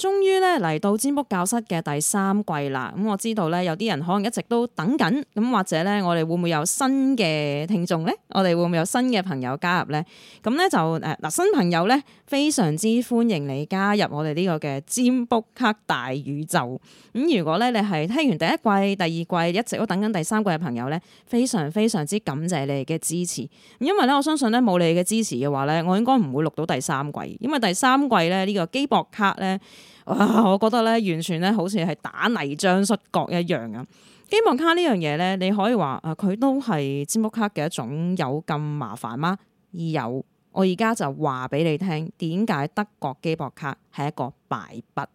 終於咧嚟到占卜教室嘅第三季啦！咁我知道咧，有啲人可能一直都等緊，咁或者咧，我哋會唔會有新嘅聽眾咧？我哋會唔會有新嘅朋友加入咧？咁咧就誒嗱，新朋友咧非常之歡迎你加入我哋呢個嘅占卜卡大宇宙。咁如果咧你係聽完第一季、第二季一直都等緊第三季嘅朋友咧，非常非常之感謝你嘅支持。因為咧我相信咧冇你嘅支持嘅話咧，我應該唔會錄到第三季。因為第三季咧呢個機博卡咧。啊！我覺得咧，完全咧好似係打泥漿摔角一樣啊！機博卡呢樣嘢咧，你可以話啊，佢都係占卜卡嘅一種。有咁麻煩嗎？有，我而家就話俾你聽點解德國機博卡係一個敗筆。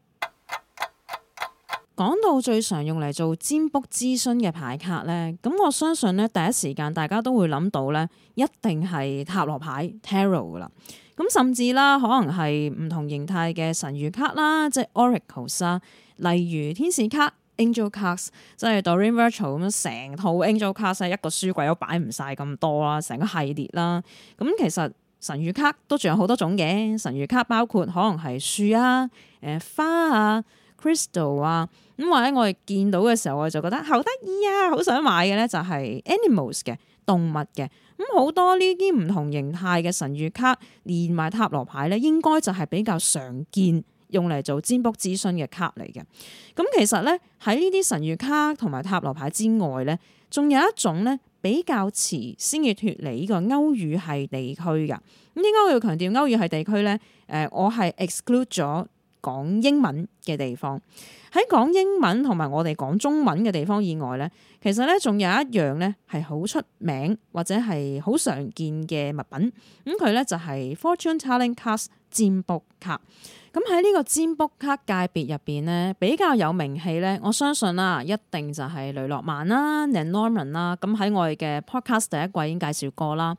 講到最常用嚟做占卜諮詢嘅牌卡咧，咁我相信咧第一時間大家都會諗到咧，一定係塔羅牌 Tarot 噶啦。咁甚至啦，可能係唔同形態嘅神諭卡啦，即係 Oracle 啦，例如天使卡 Angel Cards，即係 Doreen Virtue 咁樣成套 Angel Cards，一個書櫃都擺唔晒咁多啦，成個系列啦。咁其實神諭卡都仲有好多種嘅，神諭卡包括可能係樹啊、誒花啊。Crystal 啊，咁或者我哋見到嘅時候，我就覺得好得意啊，好想買嘅咧就係 Animals 嘅動物嘅，咁好多呢啲唔同形態嘅神諭卡，連埋塔羅牌咧，應該就係比較常見用嚟做占卜諮詢嘅卡嚟嘅。咁其實咧喺呢啲神諭卡同埋塔羅牌之外咧，仲有一種咧比較遲先至脱離呢個歐語系地區嘅。咁點解我要強調歐語系地區咧，誒我係 exclude 咗。講英文嘅地方，喺講英文同埋我哋講中文嘅地方以外呢，其實呢仲有一樣呢係好出名或者係好常見嘅物品，咁佢呢就係 fortune telling cards 占卜卡。咁喺呢個占卜卡界別入邊呢，比較有名氣呢，我相信啦，一定就係雷諾曼啦、Lenormand 啦。咁喺我哋嘅 podcast 第一季已經介紹過啦。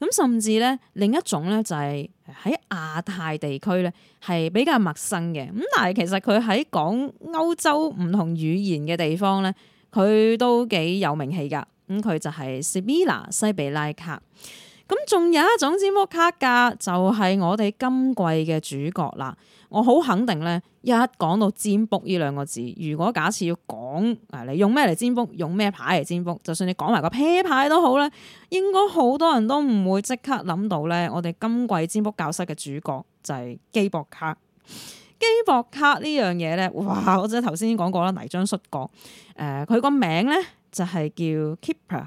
咁甚至咧，另一種咧就係喺亞太地區咧，係比較陌生嘅。咁但係其實佢喺講歐洲唔同語言嘅地方咧，佢都幾有名氣㗎。咁佢就係西比拉卡。咁仲有一種占卜卡㗎，就係、是、我哋今季嘅主角啦。我好肯定咧，一講到占卜呢兩個字，如果假設要講啊，你用咩嚟占卜，用咩牌嚟占卜，就算你講埋個啤牌都好咧，應該好多人都唔會即刻諗到咧。我哋今季占卜教室嘅主角就係、是、基博卡。基博卡呢樣嘢咧，哇！我真係頭先講過啦，泥漿摔角。誒、呃，佢個名咧就係、是、叫 Kipper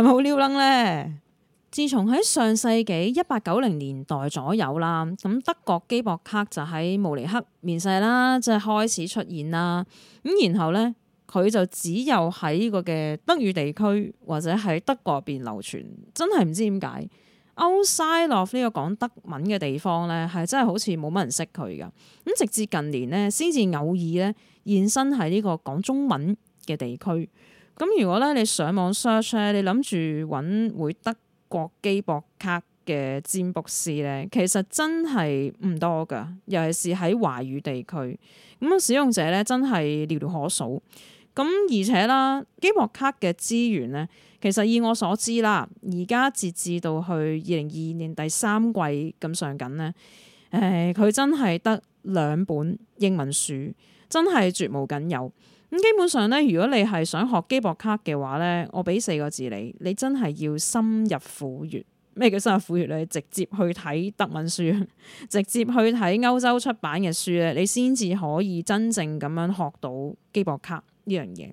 係咪好撩楞咧？自從喺上世紀一八九零年代左右啦，咁德國基博克就喺慕尼黑面世啦，即係開始出現啦。咁然後咧，佢就只有喺呢個嘅德語地區或者喺德國入邊流傳，真係唔知點解。Outside of 呢個講德文嘅地方咧，係真係好似冇乜人識佢噶。咁直至近年咧，先至偶爾咧現身喺呢個講中文嘅地區，咁如果咧你上網 search 咧，你諗住揾會德國基博卡嘅占卜師咧，其實真係唔多㗎，尤其是喺華語地區，咁使用者咧真係寥寥可數。咁而且啦，基博卡嘅資源咧，其實以我所知啦，而家截至到去二零二二年第三季咁上緊咧，誒，佢真係得兩本英文書，真係絕無僅有。咁基本上咧，如果你係想學機博卡嘅話咧，我俾四個字你，你真係要深入虎穴。咩叫深入虎穴咧？你直接去睇德文書，直接去睇歐洲出版嘅書咧，你先至可以真正咁樣學到機博卡呢樣嘢。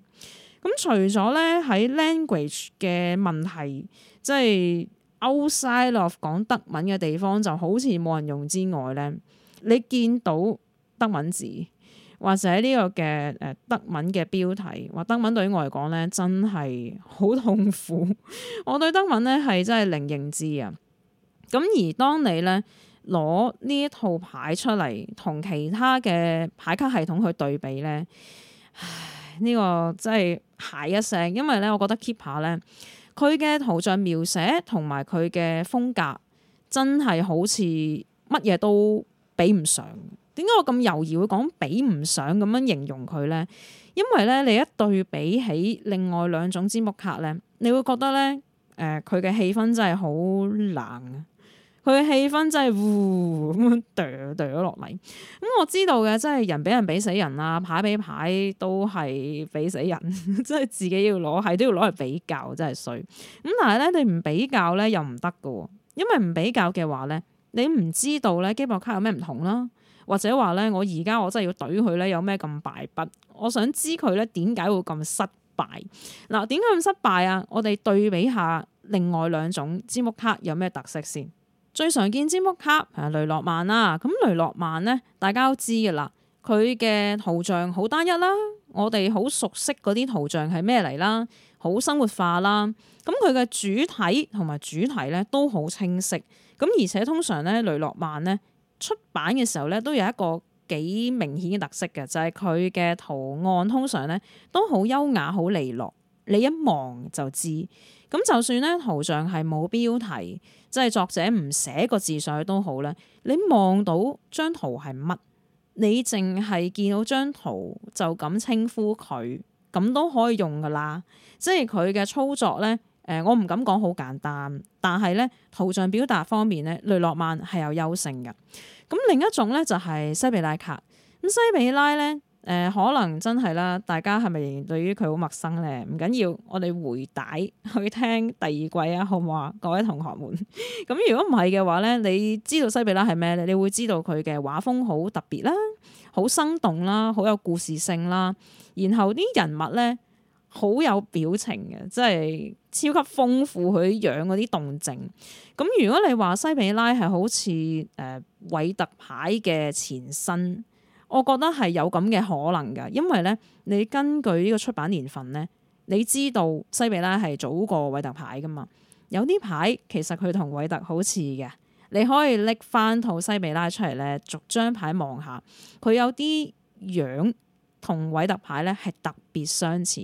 咁除咗咧喺 language 嘅問題，即係 outside of 講德文嘅地方就好似冇人用之外咧，你見到德文字。或者呢個嘅誒德文嘅標題，話德文對於我嚟講咧，真係好痛苦。 我對德文咧係真係零認知啊。咁而當你咧攞呢一套牌出嚟，同其他嘅牌卡系統去對比咧，唉，呢、呢個真係鞋一聲。因為咧，我覺得 Kipper 咧，佢嘅圖像描寫同埋佢嘅風格，真係好似乜嘢都比唔上。點解我咁猶豫會講比唔上咁樣形容佢咧？因為咧，你一對比起另外兩種占卜卡咧，你會覺得咧，誒佢嘅氣氛真係好冷啊！佢嘅氣氛真係呼咁樣掉掉咗落嚟。咁、呃呃呃呃呃呃呃呃、我知道嘅，真係人比人比死人啦，牌比牌都係比死人。真係 自己要攞係都要攞嚟比較，真係衰。咁但係咧，你唔比較咧又唔得㗎喎，因為唔比較嘅話咧，你唔知道咧基博卡有咩唔同啦。或者話咧，我而家我真係要懟佢咧，有咩咁敗筆？我想知佢咧點解會咁失敗。嗱，點解咁失敗啊？我哋對比下另外兩種占卜卡有咩特色先。最常見占卜卡，雷諾曼啦。咁雷諾曼咧，大家都知㗎啦。佢嘅圖像好單一啦，我哋好熟悉嗰啲圖像係咩嚟啦，好生活化啦。咁佢嘅主體同埋主題咧都好清晰。咁而且通常咧雷諾曼咧，出版嘅時候咧，都有一個幾明顯嘅特色嘅，就係佢嘅圖案通常咧都好優雅、好利落，你一望就知。咁就算咧圖像係冇標題，即係作者唔寫個字上去都好啦，你望到張圖係乜，你淨係見到張圖就咁稱呼佢，咁都可以用噶啦。即係佢嘅操作咧。誒、呃，我唔敢講好簡單，但係咧，圖像表達方面咧，雷諾曼係有優勝嘅。咁另一種咧就係、是、西比拉卡。咁西比拉咧，誒、呃，可能真係啦，大家係咪對於佢好陌生咧？唔緊要，我哋回帶去聽第二季啊，好唔好啊，各位同學們？咁 如果唔係嘅話咧，你知道西比拉係咩咧？你會知道佢嘅畫風好特別啦，好生動啦，好有故事性啦。然後啲人物咧。好有表情嘅，即係超級豐富佢樣嗰啲動靜，咁如果你話西比拉係好似誒韋特牌嘅前身，我覺得係有咁嘅可能㗎。因為咧，你根據呢個出版年份咧，你知道西比拉係早過韋特牌噶嘛。有啲牌其實佢同韋特好似嘅，你可以拎翻套西比拉出嚟咧，逐張牌望下，佢有啲樣。同韋特牌咧係特別相似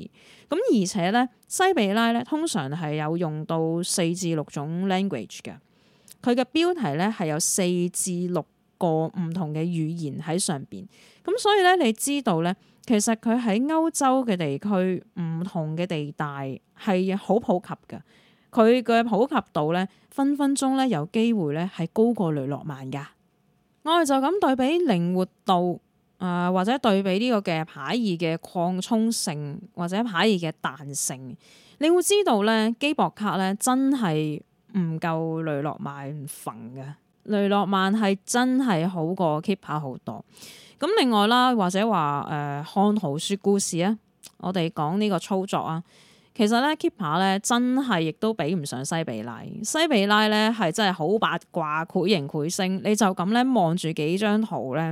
咁，而且咧，西比拉咧通常係有用到四至六種 language 嘅，佢嘅標題咧係有四至六個唔同嘅語言喺上邊咁，所以咧，你知道咧，其實佢喺歐洲嘅地區唔同嘅地帶係好普及嘅，佢嘅普及度咧，分分鐘咧有機會咧係高過雷諾曼噶。我哋就咁對比靈活度。啊，或者對比呢個嘅牌意嘅擴充性，或者牌意嘅彈性，你會知道咧，基博卡咧真係唔夠雷諾曼瞓嘅，雷諾曼係真係好過 keep 卡好多。咁另外啦，或者話誒、呃、看圖説故事啊，我哋講呢個操作啊。其實咧，Kipper、er、咧，真係亦都比唔上西比拉。西比拉咧，係真係好八卦、繪形繪聲。你就咁咧望住幾張圖咧，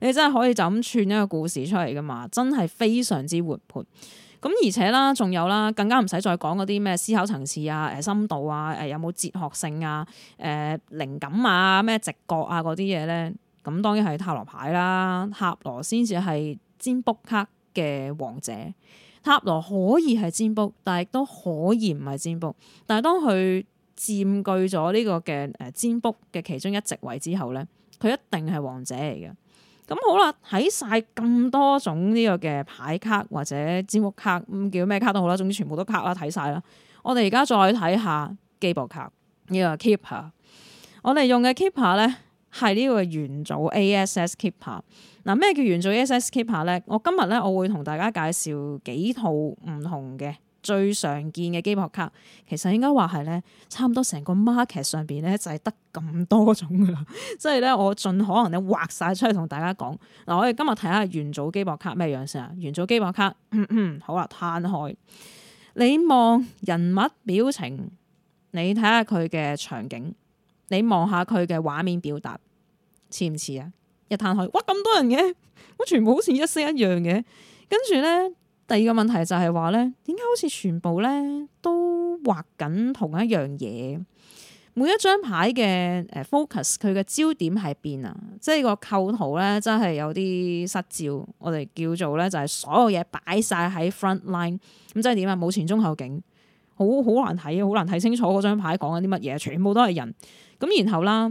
你真係可以就咁串一個故事出嚟噶嘛！真係非常之活潑。咁而且啦，仲有啦，更加唔使再講嗰啲咩思考層次啊、誒、呃、深度啊、誒、呃、有冇哲學性啊、誒、呃、靈感啊、咩直覺啊嗰啲嘢咧。咁當然係塔羅牌啦，塔羅先至係占卜卡嘅王者。塔羅可以係占卜，但係亦都可以唔係占卜。但係當佢佔據咗呢個嘅誒占卜嘅其中一席位之後咧，佢一定係王者嚟嘅。咁好啦，睇晒咁多種呢個嘅牌卡或者占卜卡，嗯、叫咩卡都好啦，總之全部都卡啦，睇晒啦。我哋而家再睇下 k e 卡呢個 keeper，我哋用嘅 keeper 咧係呢個嘅元祖 ASS keeper。嗱，咩叫元祖 SS p 卡咧？我今日咧，我會同大家介紹幾套唔同嘅最常見嘅機博卡。其實應該話係咧，差唔多成個 market 上邊咧就係得咁多種噶啦。即係咧，我盡可能咧畫晒出嚟同大家講。嗱，我哋今日睇下元祖機博卡咩樣先啊！元祖機博卡，嗯嗯咳喊，好啦，攤開。你望人物表情，你睇下佢嘅場景，你望下佢嘅畫面表達，似唔似啊？一攤開，哇咁多人嘅，哇，全部好似一式一樣嘅。跟住咧，第二個問題就係話咧，點解好似全部咧都畫緊同一樣嘢？每一張牌嘅誒 focus，佢嘅焦點喺邊啊？即係個構圖咧，真係有啲失焦。我哋叫做咧，就係、是、所有嘢擺晒喺 front line。咁即係點啊？冇前中後景，好好難睇，好難睇清楚嗰張牌講緊啲乜嘢，全部都係人。咁然後啦。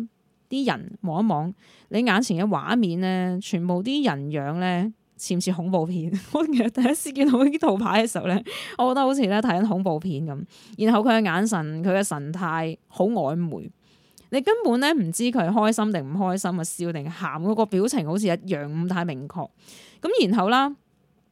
啲人望一望你眼前嘅畫面咧，全部啲人樣咧似唔似恐怖片？我 第一次見到呢套牌嘅時候咧，我覺得好似咧睇緊恐怖片咁。然後佢嘅眼神、佢嘅神態好曖昧，你根本咧唔知佢係開心定唔開心，笑定喊，嗰個表情好似一樣唔太明確。咁然後啦，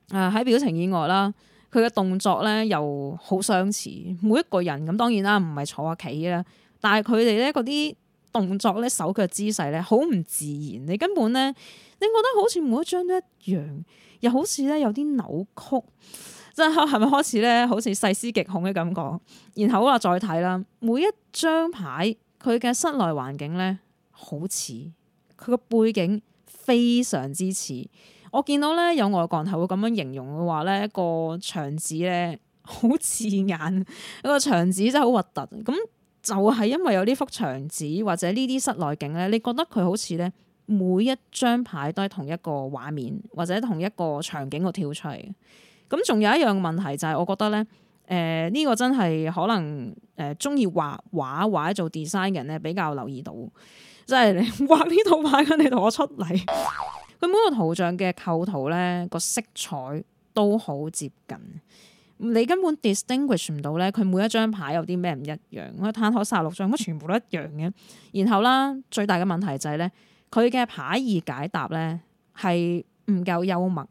誒喺表情以外啦，佢嘅動作咧又好相似，每一個人咁當然啦，唔係坐啊企啦，但係佢哋咧嗰啲。動作咧，手腳姿勢咧，好唔自然。你根本咧，你覺得好似每一張都一樣，又好似咧有啲扭曲。真係係咪開始咧，好似細思極恐嘅感覺？然後啊，再睇啦，每一張牌佢嘅室內環境咧，好似佢個背景非常之似。我見到咧，有外國人會咁樣形容嘅話咧，一個牆紙咧好刺眼，一個牆紙真係好核突。咁。就係因為有呢幅牆紙或者呢啲室內景咧，你覺得佢好似咧每一張牌都係同一個畫面或者同一個場景度跳出嚟。咁仲有一樣問題就係、是、我覺得咧，誒、呃、呢、這個真係可能誒中意畫畫或者做 design 嘅人咧比較留意到，即、就、係、是、你畫呢套牌嘅你同我出嚟，佢 每個圖像嘅構圖呢個色彩都好接近。你根本 distinguish 唔到咧，佢每一張牌有啲咩唔一樣。我攤開卅六張，我全部都一樣嘅。 然後啦，最大嘅問題就係、是、咧，佢嘅牌意解答咧係唔夠幽默。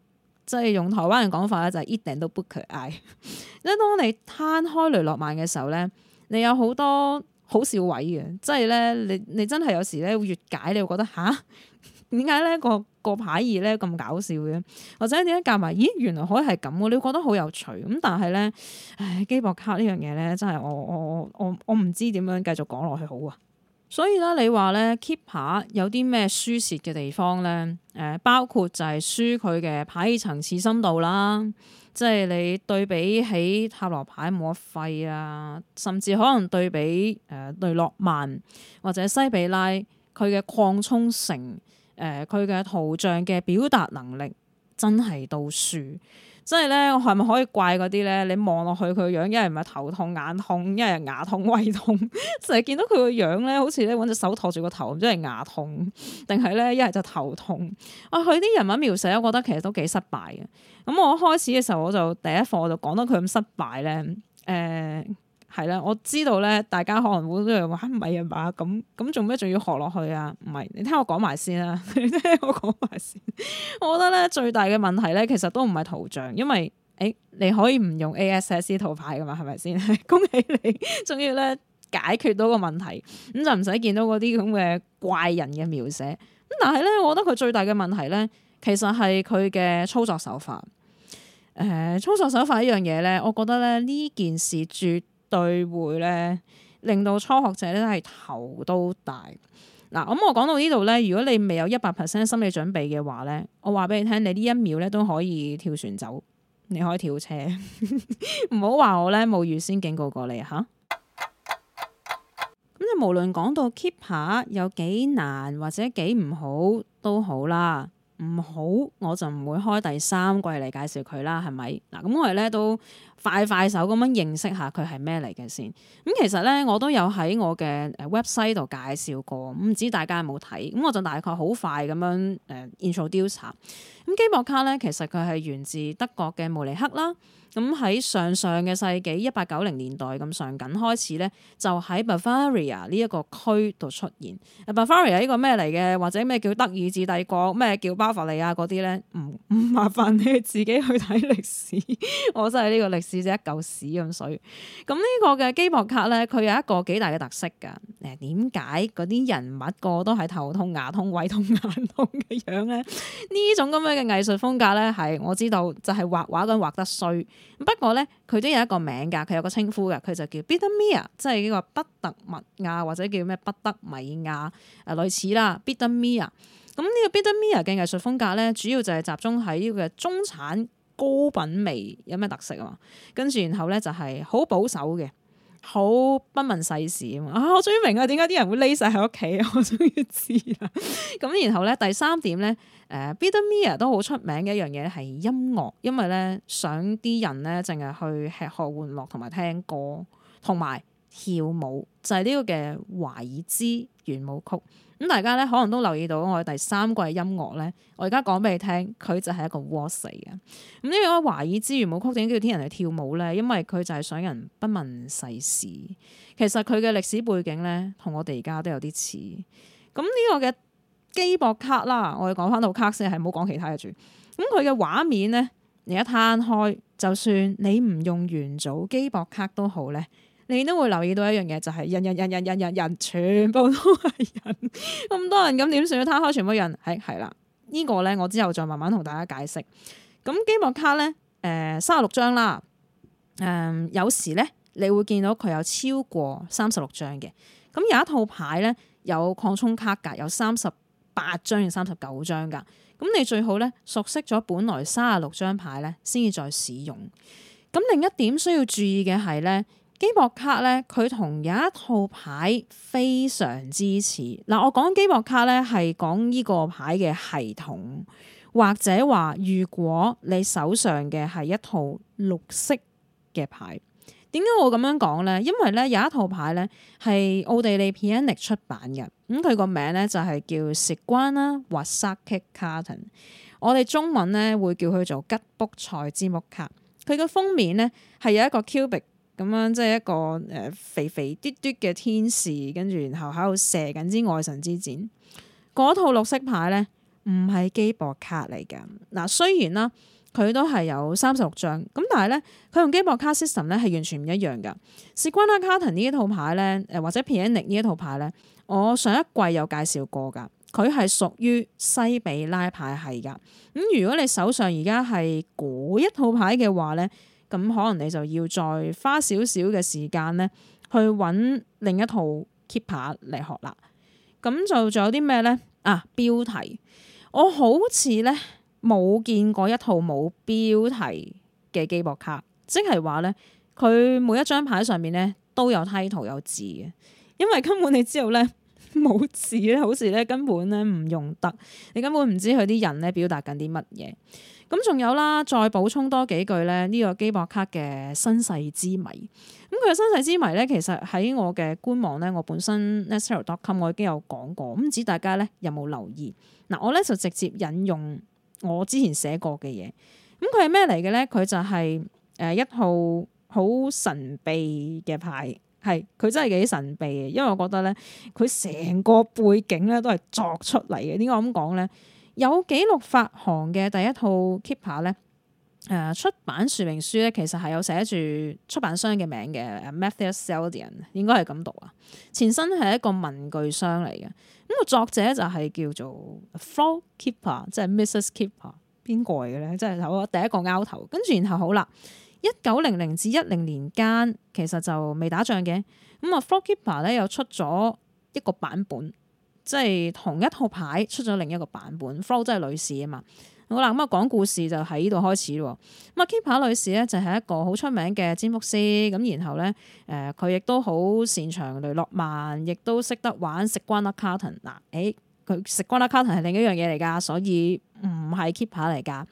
即係用台灣人講法咧、就是，就 e i 一定都 book 佢嗌。因為 當你攤開雷諾曼嘅時候咧，你有好多好笑位嘅。即係咧，你你真係有時咧，越解你會覺得吓！點解咧個個牌意咧咁搞笑嘅，或者點解夾埋？咦，原來可以係咁嘅，你覺得好有趣咁。但係咧，唉，基博卡呢樣嘢咧，真係我我我我我唔知點樣繼續講落去好啊。所以咧，你話咧 keep 下有啲咩輸蝕嘅地方咧？誒，包括就係輸佢嘅牌意層次深度啦，即係、嗯、你對比起塔羅牌冇乜廢啊，甚至可能對比誒、呃、雷諾曼或者西比拉佢嘅擴充性。誒，佢嘅、呃、圖像嘅表達能力真係倒數，即係咧，我係咪可以怪嗰啲咧？你望落去佢個樣，一係唔係頭痛眼痛，一係牙痛胃痛，成日見到佢個樣咧，好似咧揾隻手托住個頭，唔知係牙痛，定係咧一係就頭痛啊？佢、呃、啲人物描寫，我覺得其實都幾失敗嘅。咁我開始嘅時候，我就第一課我就講到佢咁失敗咧，誒、呃。係啦，我知道咧，大家可能會都係話，唔係啊嘛，咁咁做咩，仲要學落去啊？唔係你聽我講埋先啦，你聽我講埋先、啊。我，先啊、 我覺得咧，最大嘅問題咧，其實都唔係圖像，因為誒，你可以唔用 A S S C 圖牌噶嘛，係咪先？ 恭喜你，仲要咧解決到個問題，咁就唔使見到嗰啲咁嘅怪人嘅描寫。咁但係咧，我覺得佢最大嘅問題咧，其實係佢嘅操作手法。誒、呃，操作手法一樣嘢，咧，我覺得咧呢件事絕。對會咧，令到初學者咧係頭都大。嗱，咁我講到呢度咧，如果你未有一百 percent 心理準備嘅話咧，我話俾你聽，你呢一秒咧都可以跳船走，你可以跳車，唔好話我咧冇預先警告過你啊吓。咁就無論講到 keep 下有幾難或者幾唔好都好啦。唔好，我就唔會開第三季嚟介紹佢啦，係咪？嗱，咁我哋咧都快快手咁樣認識下佢係咩嚟嘅先。咁其實咧，我都有喺我嘅 website 度介紹過，唔知大家有冇睇？咁我就大概好快咁樣誒 introduce 下。咁基摩卡咧，其實佢係源自德國嘅慕尼克啦。咁喺上上嘅世紀，一八九零年代咁上緊開始咧，就喺 Bavaria 呢一個區度出現。Bavaria 呢個咩嚟嘅？或者咩叫德意志帝國？咩叫巴伐利亞嗰啲咧？唔唔麻煩你自己去睇歷史， 我真係呢個歷史只一嚿屎咁水。咁呢個嘅基博卡咧，佢有一個幾大嘅特色㗎。誒點解嗰啲人物個個都係頭痛、牙痛、胃痛、眼痛嘅樣咧？呢種咁樣嘅藝術風格咧，係我知道就係畫畫緊畫得衰。不過咧，佢都有一個名㗎，佢有個稱呼㗎，佢就叫 Biedermeier，即係呢個不德米亞或者叫咩不得米亞啊、呃，類似啦，Biedermeier。咁呢、嗯呢個 Biedermeier 嘅藝術風格咧，主要就係集中喺呢個中產高品味有咩特色啊嘛，跟住然後咧就係、係、好保守嘅。好不問世事啊嘛！我終於明啊，點解啲人會匿晒喺屋企，我終於知啦。咁 然後咧，第三點咧，誒、呃、Beethoven 都好出名嘅一樣嘢係音樂，因為咧想啲人咧淨係去吃喝玩樂同埋聽歌同埋跳舞，就係、是、呢個嘅華爾茲圓舞曲。咁大家咧可能都留意到我第三季音樂咧，我而家講俾你聽，佢就係一個 Waltz 嚟嘅。咁呢個華爾滋舞曲點解叫天人嚟跳舞咧，因為佢就係想人不問世事。其實佢嘅歷史背景咧，同我哋而家都有啲似。咁、嗯、呢、呢個嘅機博卡啦，我哋講翻到卡先係，唔好講其他嘅住。咁佢嘅畫面咧，你一攤開，就算你唔用元祖機博卡都好咧。你都會留意到一樣嘢，就係、是、人人人人人人人，全部都係人，咁 多人咁點算？攤開全部人，係係啦，這個、呢個咧我之後再慢慢同大家解釋。咁積木卡咧，誒三十六張啦，誒、呃、有時咧你會見到佢有超過三十六張嘅，咁有一套牌咧有擴充卡噶，有三十八張定三十九張噶，咁你最好咧熟悉咗本來三十六張牌咧，先至再使用。咁另一點需要注意嘅係咧。基博卡咧，佢同有一套牌非常之似嗱。我講基博卡咧，係講呢個牌嘅系統，或者話如果你手上嘅係一套綠色嘅牌，點解我咁樣講咧？因為咧有一套牌咧係奧地利 Piatnik 出版嘅，咁佢個名咧就係、是、叫 Zigeuner，或 Wahrsagekarten。我哋中文咧會叫佢做吉卜賽之木卡。佢個封面咧係有一個 cubic。咁樣即係一個誒肥肥嘟嘟嘅天使，跟住然後喺度射緊支愛神之箭。嗰套綠色牌咧，唔係基博卡嚟嘅。嗱，雖然啦，佢都係有三十六張，咁但係咧，佢同基博卡 system 咧係完全唔一樣嘅。Zigeuner Karten 呢一套牌咧，誒或者 Pianic 呢一套牌咧，我上一季有介紹過㗎。佢係屬於西比拉牌係㗎。咁如果你手上而家係嗰一套牌嘅話咧，咁可能你就要再花少少嘅時間咧，去揾另一套 keeper 嚟學啦。咁就仲有啲咩咧？啊，標題，我好似咧冇見過一套冇標題嘅機博卡，即係話咧，佢每一張牌上面咧都有梯圖有字嘅，因為根本你知道咧。冇字咧，好似咧根本咧唔用得，你根本唔知佢啲人咧表達緊啲乜嘢。咁仲有啦，再補充多幾句咧，呢個基博卡嘅身世之謎。咁佢嘅身世之謎咧，其實喺我嘅官網咧，我本身 necero.com 我已經有講過，咁唔知大家咧有冇留意？嗱，我咧就直接引用我之前寫過嘅嘢。咁佢係咩嚟嘅咧？佢就係誒一套好神秘嘅牌。係佢真係幾神秘嘅，因為我覺得咧，佢成個背景咧都係作出嚟嘅。點解我咁講咧？有記錄發行嘅第一套 Keeper 咧，誒出版說明書咧，其實係有寫住出版商嘅名嘅，Matthew Seldin 應該係咁讀啊。前身係一個文具商嚟嘅，咁個作者就係叫做 Flo Keeper，即係 Mrs Keeper，邊個嚟嘅咧？即係我第一個鈎頭，跟住然後好啦。一九零零至一零年間，其實就未打仗嘅。咁啊 Flo Keeper 咧又出咗一個版本，即係同一套牌出咗另一個版本。Flo 真係女士啊嘛。好啦咁啊，講故事就喺呢度開始。咁啊 Keeper 女士咧就係一個好出名嘅占卜師。咁然後咧，誒、呃、佢亦都好擅長雷諾曼，亦都識得玩食關卡食瓜卡頓。嗱，誒佢食關卡卡頓係另一樣嘢嚟㗎，所以唔係 Keeper 嚟㗎。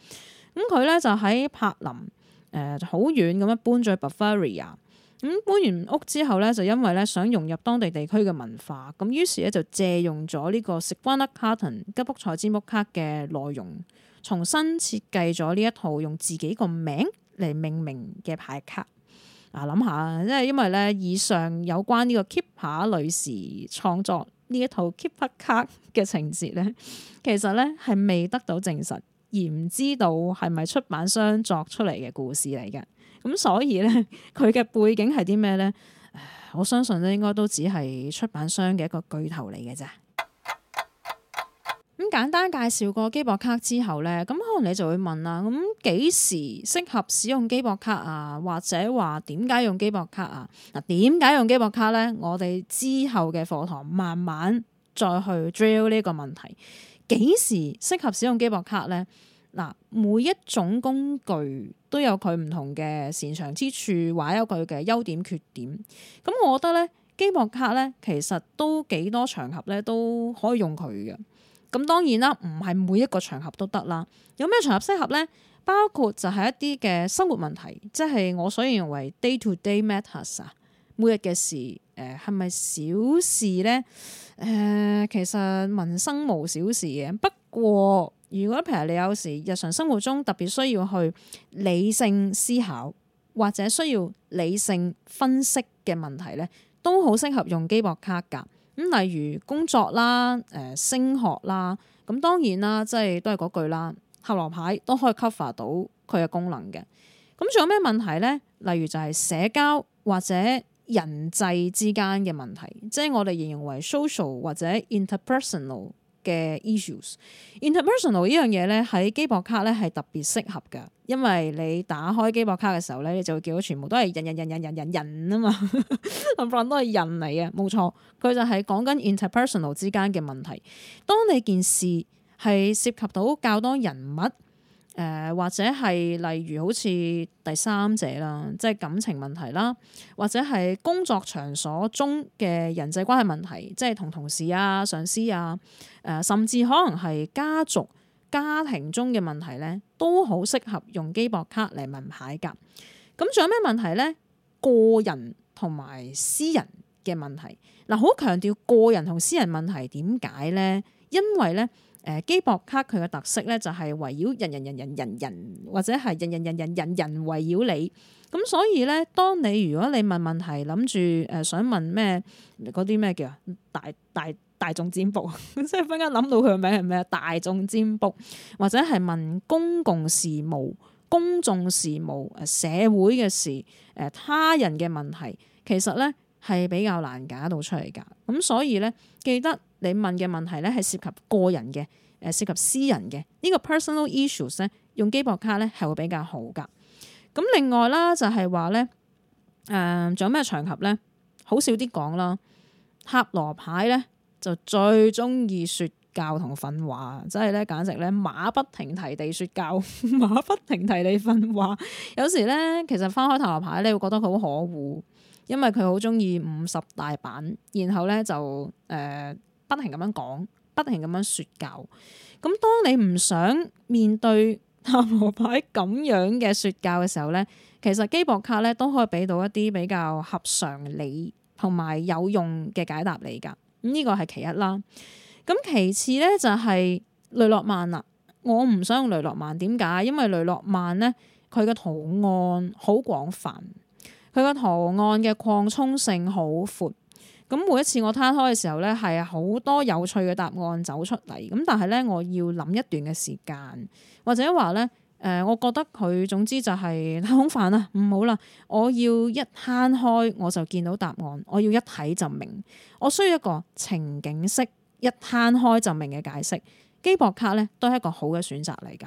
咁佢咧就喺柏林。誒好、呃、遠咁樣搬咗去巴伐利亞，咁搬完屋之後呢，就因為呢想融入當地地區嘅文化，咁於是呢就借用咗呢個《食不勒卡頓》吉卜賽占卜卡嘅內容，重新設計咗呢一套用自己個名嚟命名嘅牌卡。啊，諗下即係因為呢以上有關呢個 Keeper 女士創作呢一套 Keeper 卡嘅情節呢，其實呢係未得到證實。而唔知道係咪出版商作出嚟嘅故事嚟嘅，咁所以呢，佢嘅背景係啲咩呢？我相信咧，應該都只係出版商嘅一個巨頭嚟嘅啫。咁 簡單介紹過基博卡之後呢，咁可能你就會問啦，咁幾時適合使用基博卡啊？或者話點解用基博卡啊？嗱，點解用基博卡呢？我哋之後嘅課堂慢慢再去 drill 呢個問題。幾時適合使用機博卡呢？嗱，每一種工具都有佢唔同嘅擅長之處，話有佢嘅優點缺點。咁我覺得呢，機博卡呢其實都幾多場合呢都可以用佢嘅。咁當然啦，唔係每一個場合都得啦。有咩場合適合呢？包括就係一啲嘅生活問題，即係我所認為 day to day matters 啊，每日嘅事，誒，係咪小事呢？誒、呃，其實民生無小事嘅。不過如果譬如你有時日常生活中特別需要去理性思考或者需要理性分析嘅問題咧，都好適合用機博卡㗎。咁例如工作啦，誒、呃、升學啦，咁當然啦，即係都係嗰句啦，合羅牌都可以 cover 到佢嘅功能嘅。咁仲有咩問題咧？例如就係社交或者。人際之間嘅問題，即係我哋形容為 social 或者 interpersonal 嘅 issues。interpersonal 呢樣嘢咧，喺機博卡咧，係特別適合嘅，因為你打開機博卡嘅時候咧，你就會見到全部都係人，人，人，人，人，人嘛、呵呵人、人、人、人、人、人啊嘛冚唪唥都係人嚟嘅，冇錯，佢就係講緊 interpersonal 之間嘅問題。當你件事係涉及到較多人物。誒、呃、或者係例如好似第三者啦，即係感情問題啦，或者係工作場所中嘅人際關係問題，即係同同事啊、上司啊，誒、呃、甚至可能係家族家庭中嘅問題咧，都好適合用機博卡嚟問牌㗎。咁仲有咩問題咧？個人同埋私人嘅問題，嗱、呃、好強調個人同私人問題點解咧？因為咧。誒，機博卡佢嘅特色咧，就係圍繞人人人人人人，或者係人人人人人人圍繞你。咁所以咧，當你如果你問問題，諗住誒想問咩嗰啲咩叫大大大眾占卜，即係分間諗到佢名係咩？大眾占卜」 占，或者係問公共事務、公眾事務、社會嘅事、誒他人嘅問題，其實咧係比較難解到出嚟㗎。咁所以咧，記得。你問嘅問題咧係涉及個人嘅，誒涉及私人嘅，呢、這個 personal issues 咧，用機博卡咧係會比較好噶。咁另外啦，就係話咧，誒仲有咩場合咧？好少啲講啦。塔羅牌咧就最鍾意説教同訓話，即係咧簡直咧馬不停蹄地説教， 馬不停蹄地訓話。 有時咧其實翻開塔羅牌咧，你會覺得佢好可惡，因為佢好鍾意五十大板，然後咧就誒。呃不停咁樣講，不停咁樣說教。咁當你唔想面對塔羅牌咁樣嘅說教嘅時候咧，其實基博卡咧都可以俾到一啲比較合常理同埋有用嘅解答你噶。咁呢個係其一啦。咁其次咧就係雷諾曼啦。我唔想用雷諾曼，點解？因為雷諾曼咧，佢嘅圖案好廣泛，佢個圖案嘅擴充性好闊。咁每一次我攤開嘅時候咧，係好多有趣嘅答案走出嚟。咁但係咧，我要諗一段嘅時間，或者話咧，誒、呃，我覺得佢總之就係太空泛啦。唔好啦，我要一攤開我就見到答案，我要一睇就明。我需要一個情景式一攤開就明嘅解釋。基博卡咧都係一個好嘅選擇嚟㗎。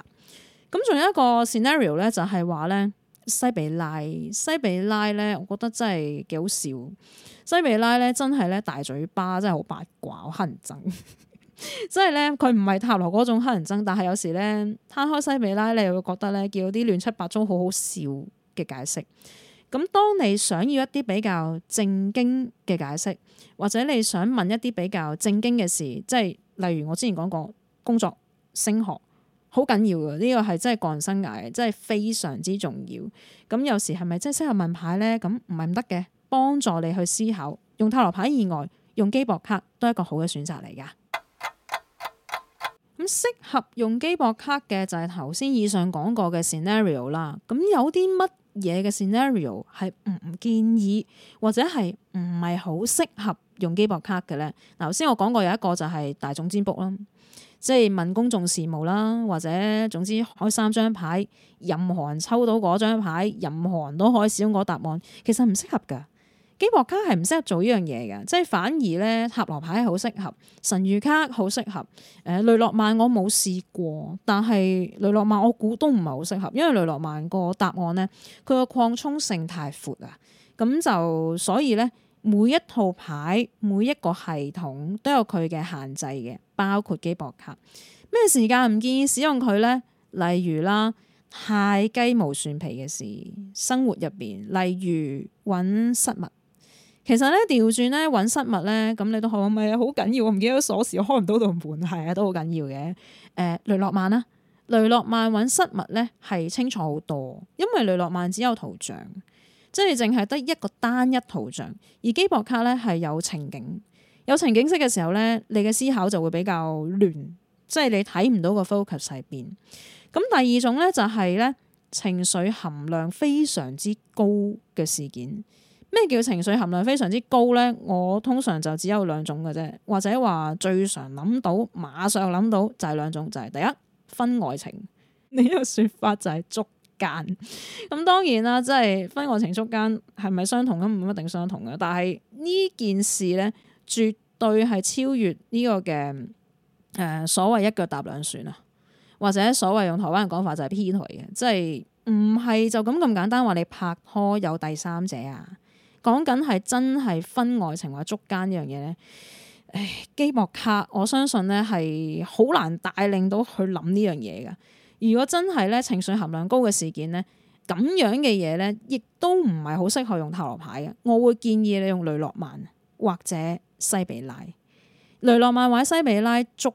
咁仲有一個 scenario 咧，就係話咧。西比拉，西比拉呢，我覺得真係幾好笑。西比拉呢，真係呢，大嘴巴，真係好八卦，好乞人憎。即係呢，佢唔係塔羅嗰種乞人憎，但係有時呢，攤開西比拉，你又會覺得呢，見到啲亂七八糟好好笑嘅解釋。咁，當你想要一啲比較正經嘅解釋，或者你想問一啲比較正經嘅事，即係例如我之前講過工作升學，好緊要嘅，呢、這個係真係個人生涯真係非常之重要。咁有時係咪真係適合問牌呢？咁唔係唔得嘅，幫助你去思考。用塔羅牌以外，用機博卡都係一個好嘅選擇嚟噶。咁、嗯、適合用機博卡嘅就係頭先以上講過嘅 scenario 啦。咁有啲乜嘢嘅 scenario 係唔建議或者係唔係好適合用機博卡嘅呢？嗱，頭先我講過有一個就係大眾占卜啦。即係問公眾事務啦，或者總之開三張牌，任何人抽到嗰張牌，任何人都可以使用嗰答案，其實唔適合噶。基博卡係唔適合做呢樣嘢噶，即係反而呢，塔羅牌好適合，神諭卡好適合。誒、呃，雷諾曼我冇試過，但係雷諾曼我估都唔係好適合，因為雷諾曼個答案呢，佢個擴充性太闊啊，咁就所以呢。每一套牌，每一個系統都有佢嘅限制嘅，包括基博卡，咩時間唔建議使用佢呢？例如啦，太雞毛蒜皮嘅事，生活入邊，例如揾失物。其實咧，調轉咧，揾失物咧，咁你都可唔可以好緊、嗯、要，我唔記得鎖匙開唔到道門，係啊，都好緊要嘅。誒、呃，雷諾曼啦，雷諾曼揾失物咧，係清楚好多，因為雷諾曼只有圖像。即係淨係得一個單一圖像，而機博卡咧係有情景，有情景式嘅時候咧，你嘅思考就會比較亂，即係你睇唔到個 focus 係邊。咁第二種咧就係咧情緒含量非常之高嘅事件。咩叫情緒含量非常之高咧？我通常就只有兩種嘅啫，或者話最常諗到，馬上諗到就係兩種，就係、是、第一，分愛情。呢個說法就係捉間咁當然啦，即係婚外情、捉奸係咪相同咁？唔一定相同嘅。但係呢件事呢，絕對係超越呢個嘅誒、呃、所謂一腳踏兩船啊，或者所謂用台灣人講法就係劈腿嘅，即係唔係就咁咁簡單話你拍拖有第三者啊？講緊係真係婚外情或者捉奸呢樣嘢呢？基莫卡，我相信呢係好難帶領到去諗呢樣嘢㗎。如果真係咧，情緒含量高嘅事件咧，咁樣嘅嘢呢，亦都唔係好適合用塔羅牌嘅。我會建議你用雷諾曼或者西比拉，雷諾曼或者西比拉捉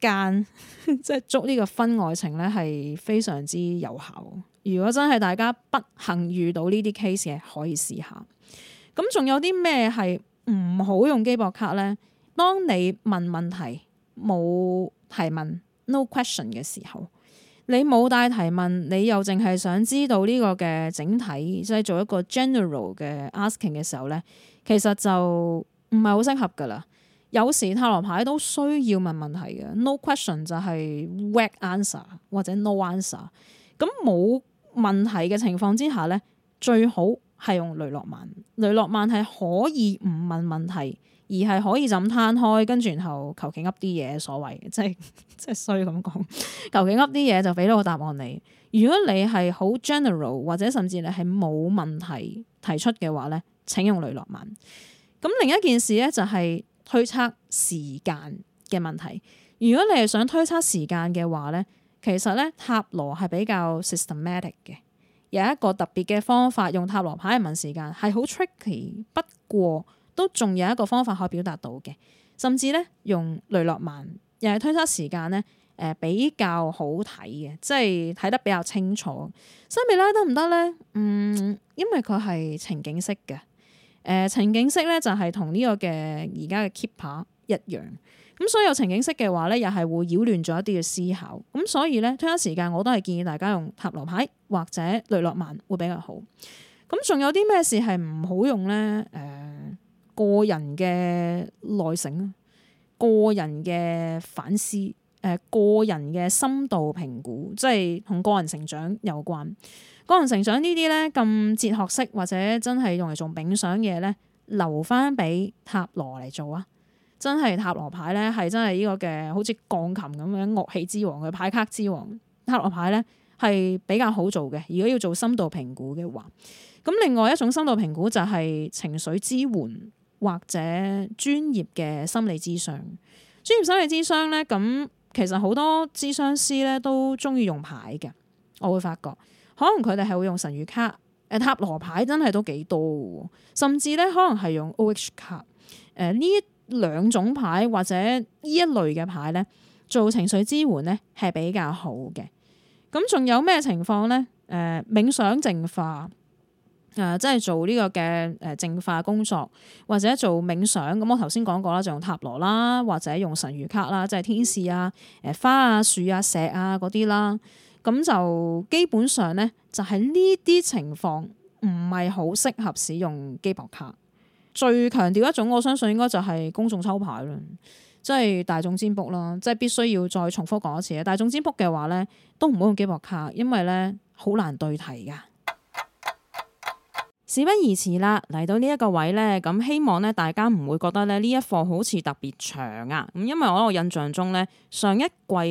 奸，即 係捉呢個婚外情呢，係非常之有效。如果真係大家不幸遇到呢啲 case 嘅，可以試下。咁仲有啲咩係唔好用基博卡呢？當你問問題冇提問 no question 嘅時候。你冇帶提問，你又淨係想知道呢個嘅整體，即係做一個 general 嘅 asking 嘅時候呢，其實就唔係好適合噶啦。有時塔羅牌都需要問問題嘅，no question 就係 vague answer 或者 no answer。咁冇問題嘅情況之下呢，最好係用雷諾曼。雷諾曼係可以唔問問題。而係可以就咁攤開，跟住然後求其噏啲嘢，所謂即係即係衰咁講，求其噏啲嘢就俾到個答案你。如果你係好 general 或者甚至你係冇問題提出嘅話呢，請用雷諾問。咁另一件事呢，就係推測時間嘅問題。如果你係想推測時間嘅話呢，其實呢，塔羅係比較 systematic 嘅，有一個特別嘅方法用塔羅牌去問時間，係好 tricky。不過都仲有一個方法可以表達到嘅，甚至咧用雷諾曼又係推測時間咧，誒、呃、比較好睇嘅，即係睇得比較清楚。西米拉得唔得咧？嗯，因為佢係情景式嘅，誒、呃、情景式咧就係同呢個嘅而家嘅 Kipper 牌一樣咁，所以有情景式嘅話咧，又係會擾亂咗一啲嘅思考咁，所以咧推測時間我都係建議大家用塔羅牌或者雷諾曼會比較好。咁仲有啲咩事係唔好用咧？誒、呃？個人嘅內省，啊，個人嘅反思，誒、呃，個人嘅深度評估，即係同個人成長有關。個人成長呢啲呢，咁哲學式，或者真係用嚟做冥想嘅嘢呢，留翻俾塔羅嚟做啊！真係塔羅牌呢，係真係呢、這個嘅好似鋼琴咁樣樂器之王嘅牌卡之王，塔羅牌呢，係比較好做嘅。如果要做深度評估嘅話，咁另外一種深度評估就係情緒支援。或者專業嘅心理諮詢，專業心理諮詢呢，咁其實好多諮詢師呢都中意用牌嘅，我會發覺，可能佢哋係會用神諭卡、塔羅牌，真係都幾多，甚至呢，可能係用 OH 卡，呢、呃、兩種牌或者呢一類嘅牌呢，做情緒支援呢係比較好嘅。咁仲有咩情況呢？誒、呃、冥想淨化。誒、呃，即係做呢個嘅誒淨化工作，或者做冥想咁。我頭先講過啦，就用塔羅啦，或者用神諭卡啦，即係天使啊、誒、呃、花啊、樹啊、石啊嗰啲啦。咁就基本上咧，就係呢啲情況唔係好適合使用機博卡。最強調一種，我相信應該就係公眾抽牌啦，即係大眾占卜啦。即係必須要再重複講一次。大眾占卜嘅話咧，都唔好用機博卡，因為咧，好難對題噶。事不宜遲啦，嚟到呢一個位咧，咁希望咧大家唔會覺得咧呢一課好似特別長啊！咁因為我喺我印象中咧，上一季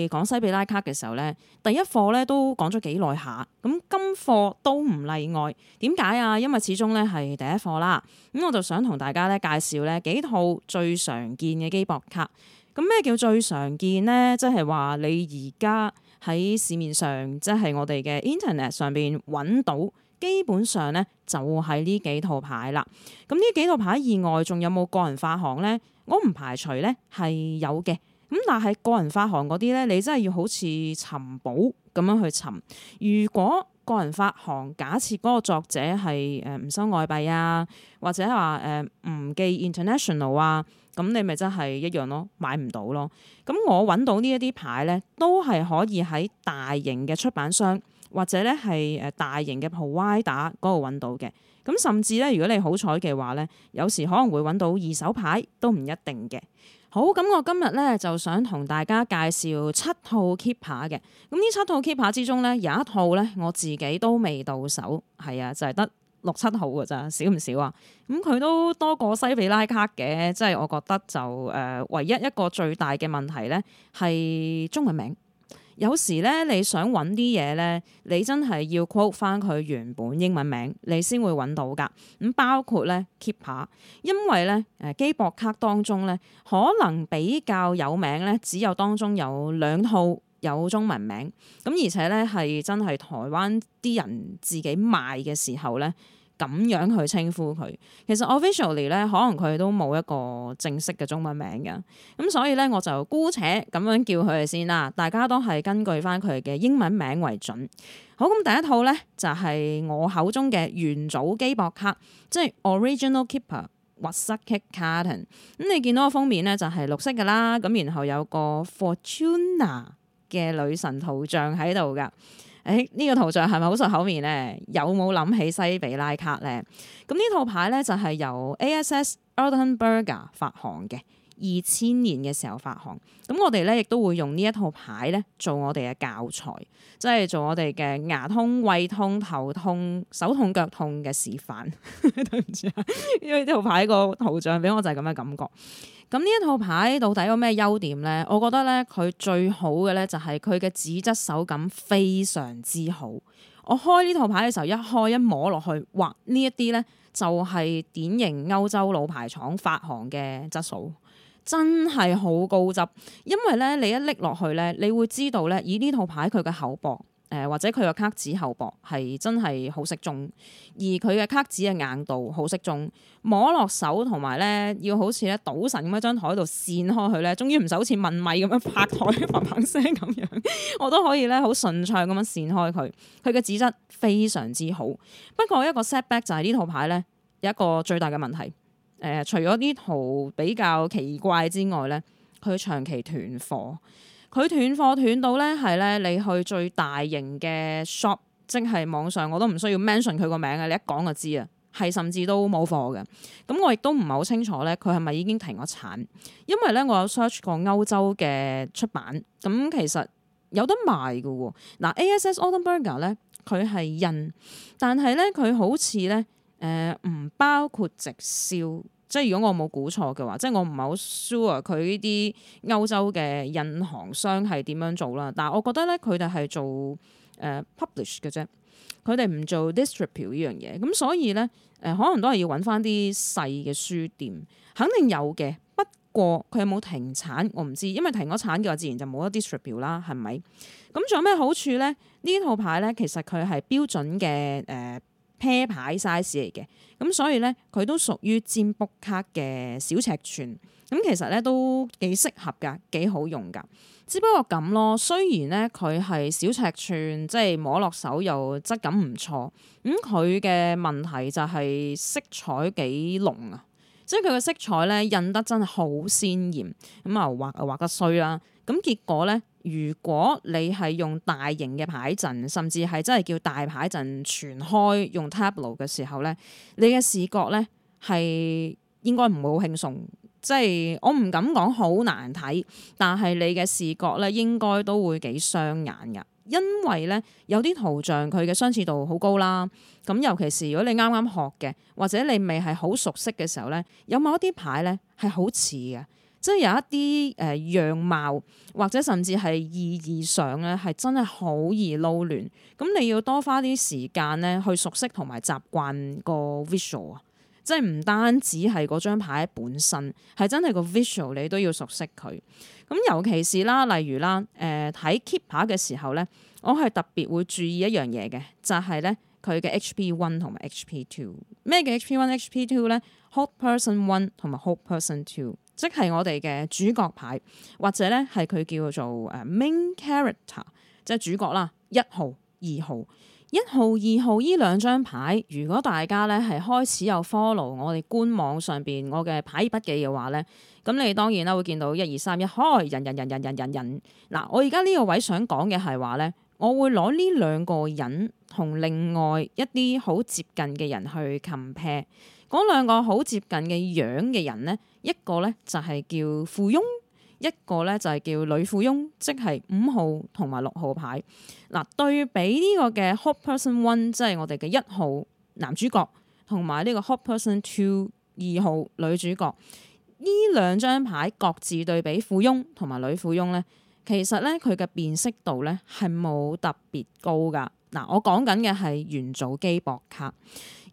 講西比拉卡嘅時候咧，第一課咧都講咗幾耐下，咁今課都唔例外。點解啊？因為始終咧係第一課啦。咁我就想同大家咧介紹咧幾套最常見嘅機博卡。咁咩叫最常見咧？即係話你而家喺市面上，即係我哋嘅 Internet 上邊揾到。基本上咧就係呢幾套牌啦。咁呢幾套牌以外，仲有冇個人發行咧？我唔排除咧係有嘅。咁但係個人發行嗰啲咧，你真係要好似尋寶咁樣去尋。如果個人發行假設嗰個作者係誒唔收外幣啊，或者話誒唔寄 international 啊，咁你咪真係一樣咯，買唔到咯。咁我揾到呢一啲牌咧，都係可以喺大型嘅出版商。或者咧係誒大型嘅鋪 Y 打嗰度揾到嘅，咁甚至咧，如果你好彩嘅話咧，有時可能會揾到二手牌都唔一定嘅。好，咁我今日咧就想同大家介紹七套 keeper 嘅。咁呢七套 keeper 之中咧，有一套咧，我自己都未到手，係啊，就係得六七號㗎咋，少唔少啊？咁佢都多過西比拉卡嘅，即係我覺得就誒唯一一個最大嘅問題咧係中文名。有時咧，你想揾啲嘢咧，你真係要 quote 翻佢原本英文名，你先會揾到噶。咁包括咧 keeper，因為咧誒機博卡當中咧，可能比較有名咧，只有當中有兩套有中文名，咁而且咧係真係台灣啲人自己賣嘅時候咧。咁樣去稱呼佢，其實 officially 咧，可能佢都冇一個正式嘅中文名嘅，咁所以咧，我就姑且咁樣叫佢哋先啦，大家都係根據返佢嘅英文名為準。好，咁第一套咧就係、是、我口中嘅元祖機博卡，即係 original keeper，或者 sake carton。咁你見到個封面咧就係、是、綠色噶啦，咁然後有個 Fortuna 嘅女神圖像喺度噶。誒呢、欸這個圖像係咪好熟口面咧？有冇諗起西比拉卡咧？咁呢套牌咧就係、是、由 A.S.S. Aldenberger、er、發行嘅。二千年嘅時候發行，咁我哋咧亦都會用呢一套牌咧做我哋嘅教材，即係做我哋嘅牙痛、胃痛、頭痛、手痛、腳痛嘅示範， 對唔住啊，因為呢套牌個圖像俾我就係咁嘅感覺。咁呢一套牌到底有咩優點咧？我覺得咧佢最好嘅咧就係佢嘅紙質手感非常之好。我開呢套牌嘅時候，一開一摸落去，哇！呢一啲咧就係典型歐洲老牌廠發行嘅質素。真係好高質，因為咧你一拎落去咧，你會知道咧，以呢套牌佢嘅厚薄，誒、呃、或者佢嘅卡紙厚薄係真係好適中，而佢嘅卡紙嘅硬度好適中，摸落手同埋咧要好似咧賭神咁喺張台度扇開佢咧，終於唔使好似問米咁樣拍台嘭嘭聲咁樣， 我都可以咧好順暢咁樣扇開佢，佢嘅紙質非常之好。不過一個 setback 就係呢套牌咧有一個最大嘅問題。誒、呃、除咗啲圖比較奇怪之外咧，佢長期斷貨。佢斷貨斷到咧，係咧你去最大型嘅 shop，即係網上我都唔需要 mention 佢個名嘅，你一講就知啊。係甚至都冇貨嘅。咁、嗯、我亦都唔係好清楚咧，佢係咪已經停咗產？因為咧我有 search 過歐洲嘅出版，咁、嗯、其實有得賣㗎喎。嗱、嗯、A S S Oldenburger 咧，佢係印，但係咧佢好似咧。誒唔、呃、包括直銷，即係如果我冇估錯嘅話，即係我唔係好 sure 佢呢啲歐洲嘅印行商係點樣做啦。但係我覺得咧，佢哋係做誒 publish 嘅啫，佢哋唔做 distribute 呢樣嘢。咁所以咧，誒、呃、可能都係要揾翻啲細嘅書店，肯定有嘅。不過佢有冇停產，我唔知，因為停咗產嘅話，自然就冇得 distribute 啦，係咪？咁仲有咩好處咧？呢套牌咧，其實佢係標準嘅誒。呃車牌 size 嚟嘅，咁所以咧，佢都屬於占卜卡嘅小尺寸，咁其實咧都幾適合噶，幾好用噶。只不過咁咯，雖然咧佢係小尺寸，即係摸落手又質感唔錯，咁佢嘅問題就係色彩幾濃啊，所以佢嘅色彩咧印得真係好鮮豔，咁啊畫啊畫得衰啦，咁結果咧。如果你係用大型嘅牌陣，甚至係真係叫大牌陣全開用 table 嘅時候咧，你嘅視覺咧係應該唔會好輕鬆，即係我唔敢講好難睇，但係你嘅視覺咧應該都會幾傷眼㗎，因為咧有啲圖像佢嘅相似度好高啦，咁尤其是如果你啱啱學嘅，或者你未係好熟悉嘅時候咧，有某一啲牌咧係好似嘅。即係有一啲誒、呃、樣貌，或者甚至係意義上咧，係真係好易撈亂。咁你要多花啲時間咧，去熟悉同埋習慣個 visual 啊。即係唔單止係嗰張牌本身，係真係個 visual 你都要熟悉佢。咁尤其是啦，例如啦，誒、呃、睇 keep 牌、er、嘅時候咧，我係特別會注意一樣嘢嘅，就係咧佢嘅 H.P. one 同埋 H.P. two 咩叫 H.P. one、H.P. two 咧？Hot person one 同埋 hot person two。即係我哋嘅主角牌，或者咧係佢叫做誒 main character，即係主角啦，一號、二號、一號、二號依兩張牌。如果大家咧係開始有 follow 我哋官網上邊我嘅牌筆記嘅話咧，咁你當然啦會見到一二三一，開人人人人人人人。嗱，我而家呢個位想講嘅係話咧，我會攞呢兩個人同另外一啲好接近嘅人去 compare。嗰兩個好接近嘅樣嘅人咧。一個咧就係叫富翁，一個咧就係叫女富翁，即係五號同埋六號牌。嗱，對比呢個嘅 hot person one，即係我哋嘅一號男主角，同埋呢個 hot person two，二號女主角。呢兩張牌各自對比富翁同埋女富翁咧，其實咧佢嘅辨識度咧係冇特別高㗎。嗱，我講緊嘅係元祖基博卡。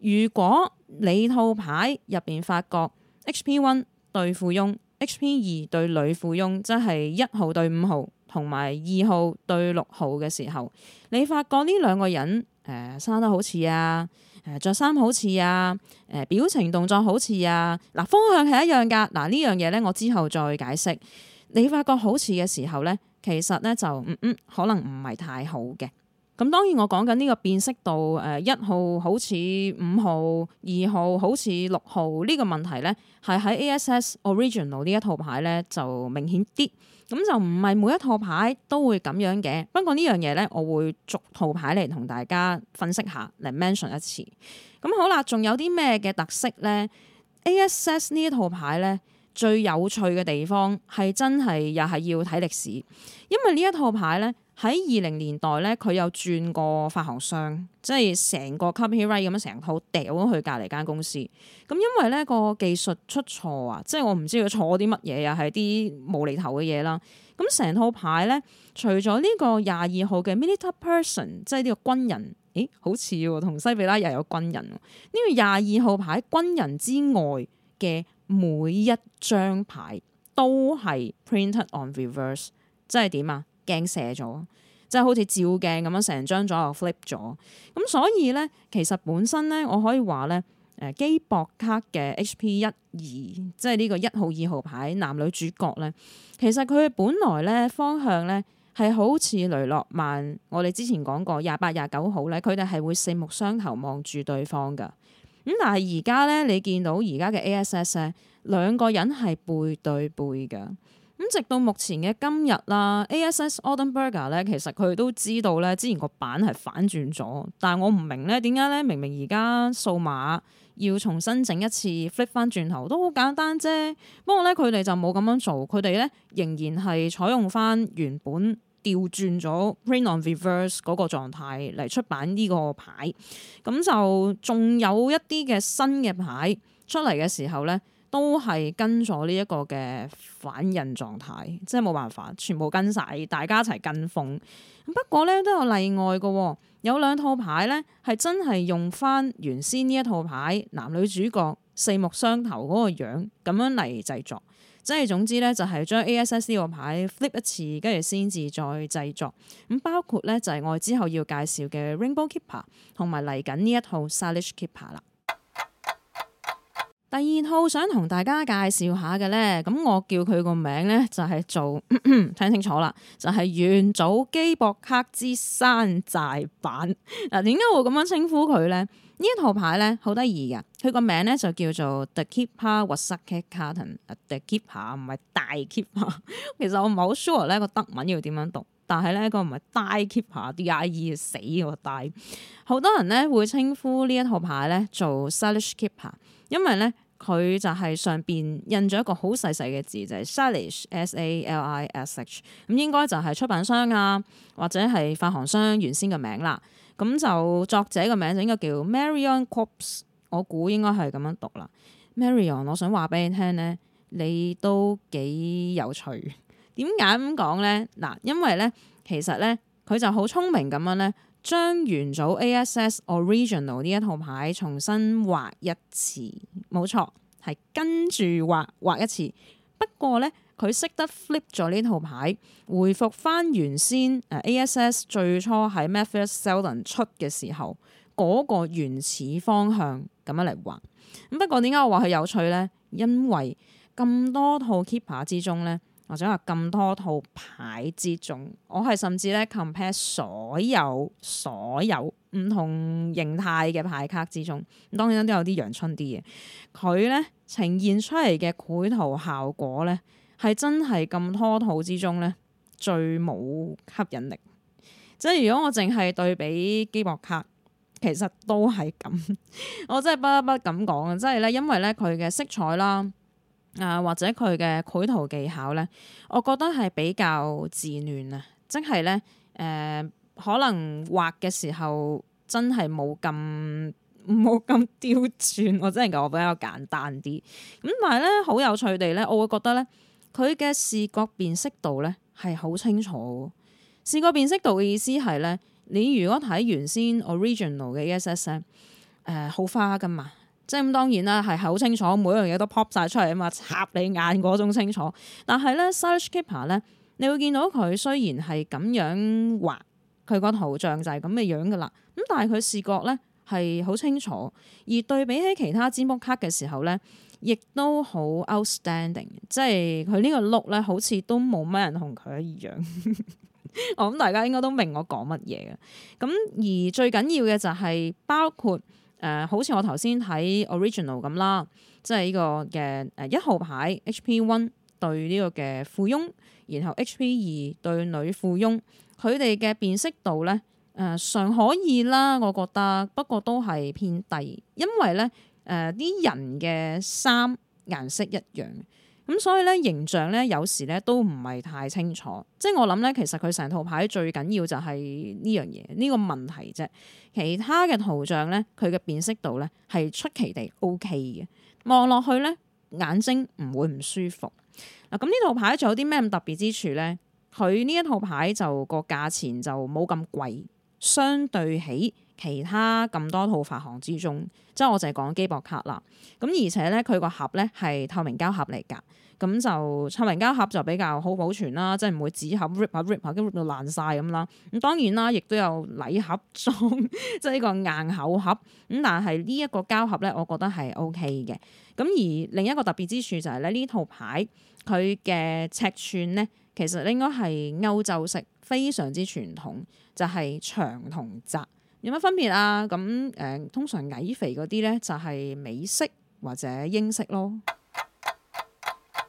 如果你套牌入邊發覺 HP one 對富翁，HP 二對女富翁，即係一號對五號，同埋二號對六號嘅時候，你發覺呢兩個人誒、呃、生得好似啊，誒、呃、着衫好似啊，誒、呃、表情動作好似啊，嗱，方向係一樣噶，嗱呢樣嘢咧我之後再解釋。你發覺好似嘅時候咧，其實咧就嗯嗯，可能唔係太好嘅。咁當然我講緊呢個辨識度，誒一號好似五號，二號好似六號呢個問題咧，係喺 ASS Original 呢一套牌咧就明顯啲，咁就唔係每一套牌都會咁樣嘅。不過呢樣嘢咧，我會逐套牌嚟同大家分析下，嚟 mention 一次。咁好啦，仲有啲咩嘅特色咧？ASS 呢一套牌咧最有趣嘅地方係真係又係要睇歷史，因為呢一套牌咧。喺二零年代咧，佢有轉過發行商，即係成個 copyright 咁樣成套掉咗去隔離間公司。咁因為咧個技術出錯啊，即係我唔知佢錯啲乜嘢，啊，係啲無厘頭嘅嘢啦。咁成套牌咧，除咗呢個廿二號嘅 military person，即係呢個軍人，咦，好似喎，同西比拉又有軍人。呢、呢個廿二號牌軍人之外嘅每一張牌都係 printed on reverse，即係點啊？鏡射咗，即係好似照鏡咁樣，成張左右 flip 咗。咁所以咧，其實本身咧，我可以話咧，誒基博克嘅 H P 一、二，即係呢個一號、二號牌男女主角咧，其實佢哋本來咧方向咧係好似雷諾曼，我哋之前講過廿八、廿九號咧，佢哋係會四目相投望住對方嘅。咁但係而家咧，你見到而家嘅 A S S 咧，兩個人係背對背嘅。咁直到目前嘅今日啦，A.S.S. Audenberger 咧，AS berger, 其實佢都知道咧，之前個板係反轉咗，但係我唔明咧，點解咧？明明而家數碼要重新整一次 flip 翻轉頭都好簡單啫，不過咧佢哋就冇咁樣做，佢哋咧仍然係採用翻原本調轉咗 rain on reverse 嗰個狀態嚟出版呢個牌，咁就仲有一啲嘅新嘅牌出嚟嘅時候咧，都係跟咗呢一個嘅反印狀態，即係冇辦法，全部跟晒，大家一齊跟風。不過呢，都有例外嘅，有兩套牌呢，係真係用翻原先呢一套牌男女主角四目相投嗰個樣咁樣嚟製作。即係總之呢，就係將 A S S 呢個牌 flip 一次，跟住先至再製作。咁包括呢，就係、是、我哋之後要介紹嘅 Rainbow Keeper 同埋嚟緊呢一套 Salish Keeper 啦。第二套想同大家介紹下嘅咧，咁我叫佢個名咧就係做咳咳，聽清楚啦，就係、是、元祖基博卡之山寨版。嗱，點解會咁樣稱呼佢咧？呢一套牌咧好得意嘅，佢個名咧就叫做 Dekeeper Wesker Carden，Dekeeper、啊、唔係大 Keeper 其實我唔係好 sure 咧個德文要點樣讀，但係咧佢唔係大 Keeper d,、er, D-I-E 死個大、e，好多人咧會稱呼呢一套牌咧做 Silage Keeper。因為咧，佢就係上邊印咗一個好細細嘅字，就係、Salish、Salish，S-A-L-I-S-H，咁應該就係出版商啊或者係發行商原先嘅名啦。咁就作者嘅名就應該叫 Marion Cops，我估應該係咁樣讀啦。Marion，我想話俾你聽咧，你都幾有趣。點解咁講咧？嗱，因為咧，其實咧，佢就好聰明咁樣咧。將元祖 ASS original 呢一套牌重新畫一次，冇錯，係跟住畫畫一次。不過咧，佢識得 flip 咗呢套牌，回復返原先誒、呃、ASS 最初喺 Matthew Sheldon 出嘅時候嗰、嗰個原始方向咁樣嚟畫。咁不過點解我話佢有趣咧？因為咁多套 keeper 之中咧。我想話咁多套牌之中，我係甚至咧 compare 所有所有唔同形態嘅牌卡之中，當然都有啲陽春啲嘅。佢咧呈現出嚟嘅繪圖效果咧，係真係咁多套之中咧最冇吸引力。即係如果我淨係對比基博卡，其實都係咁。我真係不得不咁講啊！即係咧，因為咧佢嘅色彩啦。啊，或者佢嘅繪圖技巧咧，我覺得係比較稚嫩啊，即係咧誒，可能畫嘅時候真係冇咁冇咁刁鑽，我真係覺得比較簡單啲。咁但係咧，好有趣地咧，我會覺得咧，佢嘅視覺辨識度咧係好清楚。視覺辨識度嘅意思係咧，你如果睇原先 original 嘅 SSM 誒、呃、好花㗎嘛。即係咁當然啦，係好清楚，每一樣嘢都 pop 晒出嚟啊嘛，插你眼嗰種清楚。但係咧 ，Search Keeper 咧，你會見到佢雖然係咁樣畫，佢個圖像就係咁嘅樣噶啦。咁但係佢視覺咧係好清楚，而對比起其他占卜卡嘅時候咧，亦都 outstanding, 好 outstanding。即係佢呢個 look 咧，好似都冇乜人同佢一樣。 我諗大家應該都明我講乜嘢嘅。咁而最緊要嘅就係包括。誒、呃，好似我頭先睇 original 咁啦，即係呢個嘅誒一號牌 HP One 對呢個嘅富翁，然後 HP 二對女富翁，佢哋嘅辨識度咧誒、呃、尚可以啦，我覺得，不過都係偏低，因為咧誒啲人嘅衫顏色一樣。咁所以咧形象咧有時咧都唔係太清楚，即係我諗咧其實佢成套牌最緊要就係呢樣嘢呢個問題啫，其他嘅圖像咧佢嘅辨識度咧係出奇地 OK 嘅，望落去咧眼睛唔會唔舒服。嗱咁呢套牌仲有啲咩特別之處咧？佢呢一套牌就個價錢就冇咁貴，相對起，其他咁多套發行之中，即係我淨係講機博卡啦。咁而且咧，佢個盒咧係透明膠盒嚟㗎，咁就透明膠盒就比較好保存啦，即係唔會紙盒 rip 下 rip 下，跟住 rip 到爛晒咁啦。咁當然啦，亦都有禮盒裝，即係呢個硬口盒咁。但係呢一個膠盒咧，我覺得係 OK 嘅。咁而另一個特別之處就係咧，呢套牌佢嘅尺寸咧，其實應該係歐洲式，非常之傳統，就係長同窄。有乜分別啊？咁、嗯、誒，通常矮肥嗰啲呢，就係美式或者英式咯。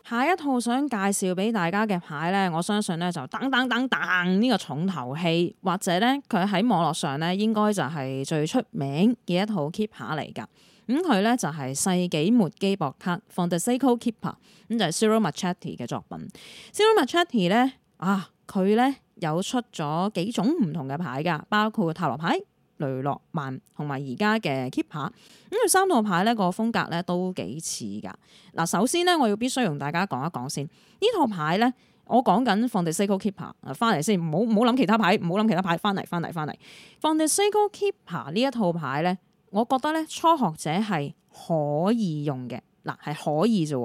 下一套想介紹俾大家嘅牌呢，我相信呢，就噔噔噔噔呢個重頭戲，或者呢，佢喺網絡上呢應該就係最出名嘅一套 Kipper 嚟㗎。咁、嗯、佢呢，就係、是、世紀末機博克 Fin de Siècle Kipper） 咁、嗯、就係、是、Ciro Marchetti 嘅作品。Ciro Marchetti 咧啊，佢呢有出咗幾種唔同嘅牌㗎，包括塔羅牌。雷諾曼同埋而家嘅 Kipper 咁，佢、er, 三套牌咧個風格咧都幾似噶嗱。首先咧，我要必須同大家講一講先，呢套牌咧，我講緊 Fin de Siècle Kipper 翻嚟先，唔好唔好諗其他牌，唔好諗其他牌，翻嚟翻嚟翻嚟 Fin de Siècle Kipper 呢一套牌咧，我覺得咧初學者係可以用嘅嗱，係可以啫。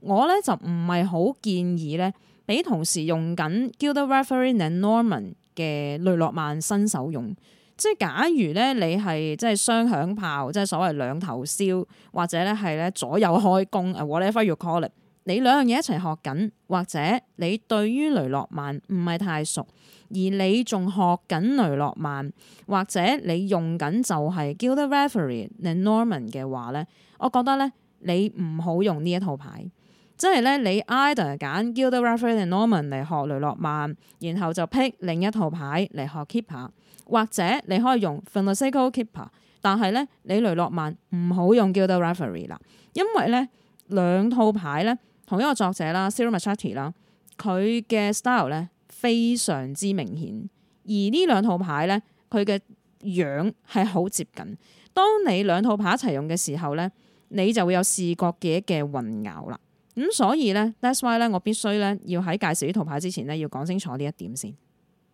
我咧就唔係好建議咧俾同時用緊 Gilded Reverie Lenormand 嘅雷諾曼新手用。即係假如咧，你係即係雙響炮，即係所謂兩頭燒，或者咧係咧左右開弓。Whatever you call it？你兩樣嘢一齊學緊，或者你對於雷諾曼唔係太熟，而你仲學緊雷諾曼，或者你用緊就係 Gilded Reverie Lenormand 嘅話咧，我覺得咧你唔好用呢一套牌。即係咧你 either 揀 Gilded Reverie Lenormand 嚟學雷諾曼，然後就 pick 另一套牌嚟學 keeper。或者你可以用 Fin de Siècle Kipper，但係咧你雷諾曼唔好用 Gilded Reverie 啦，因為咧兩套牌咧同一個作者啦 Ciro Marchetti 啦，佢嘅 style 咧非常之明顯，而呢兩套牌咧佢嘅樣係好接近，當你兩套牌一齊用嘅時候咧，你就會有視覺嘅嘅混淆啦，咁、嗯、所以咧，that’s why 咧我必須咧要喺介紹呢套牌之前咧要講清楚呢一點先。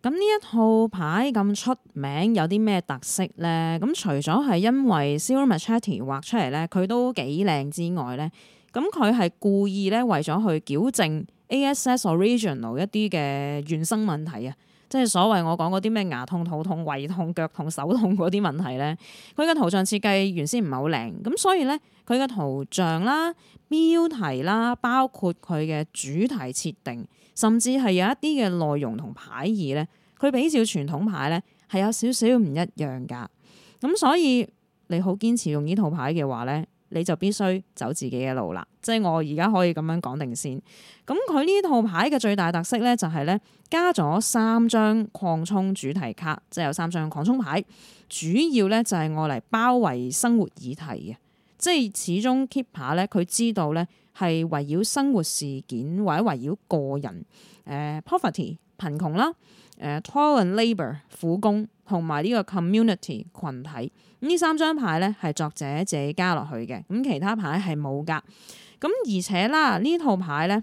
咁呢一套牌咁出名，有啲咩特色咧？咁除咗係因為 Ciro Marchetti 畫出嚟咧，佢都幾靚之外咧，咁佢係故意咧為咗去矯正 A.S.S. original 一啲嘅原生問題啊，即係所謂我講嗰啲咩牙痛、肚痛、胃痛、腳痛、手痛嗰啲問題咧，佢嘅圖像設計原先唔係好靚，咁所以咧佢嘅圖像啦、標題啦，包括佢嘅主題設定。甚至係有一啲嘅內容同牌意咧，佢比照傳統牌咧係有少少唔一樣噶。咁所以你好堅持用呢套牌嘅話咧，你就必須走自己嘅路啦。即係我而家可以咁樣講定先。咁佢呢套牌嘅最大特色咧就係咧加咗三張擴充主題卡，即係有三張擴充牌，主要咧就係愛嚟包圍生活議題嘅。即係始終 keeper 咧，佢知道咧。係圍繞生活事件，或者圍繞個人誒、呃、poverty 貧窮啦，誒、呃、Toil and Labour 苦工，同埋呢個 community 群體。三張呢三張牌咧係作者自己加落去嘅，咁其他牌係冇㗎。咁而且啦，呢套牌咧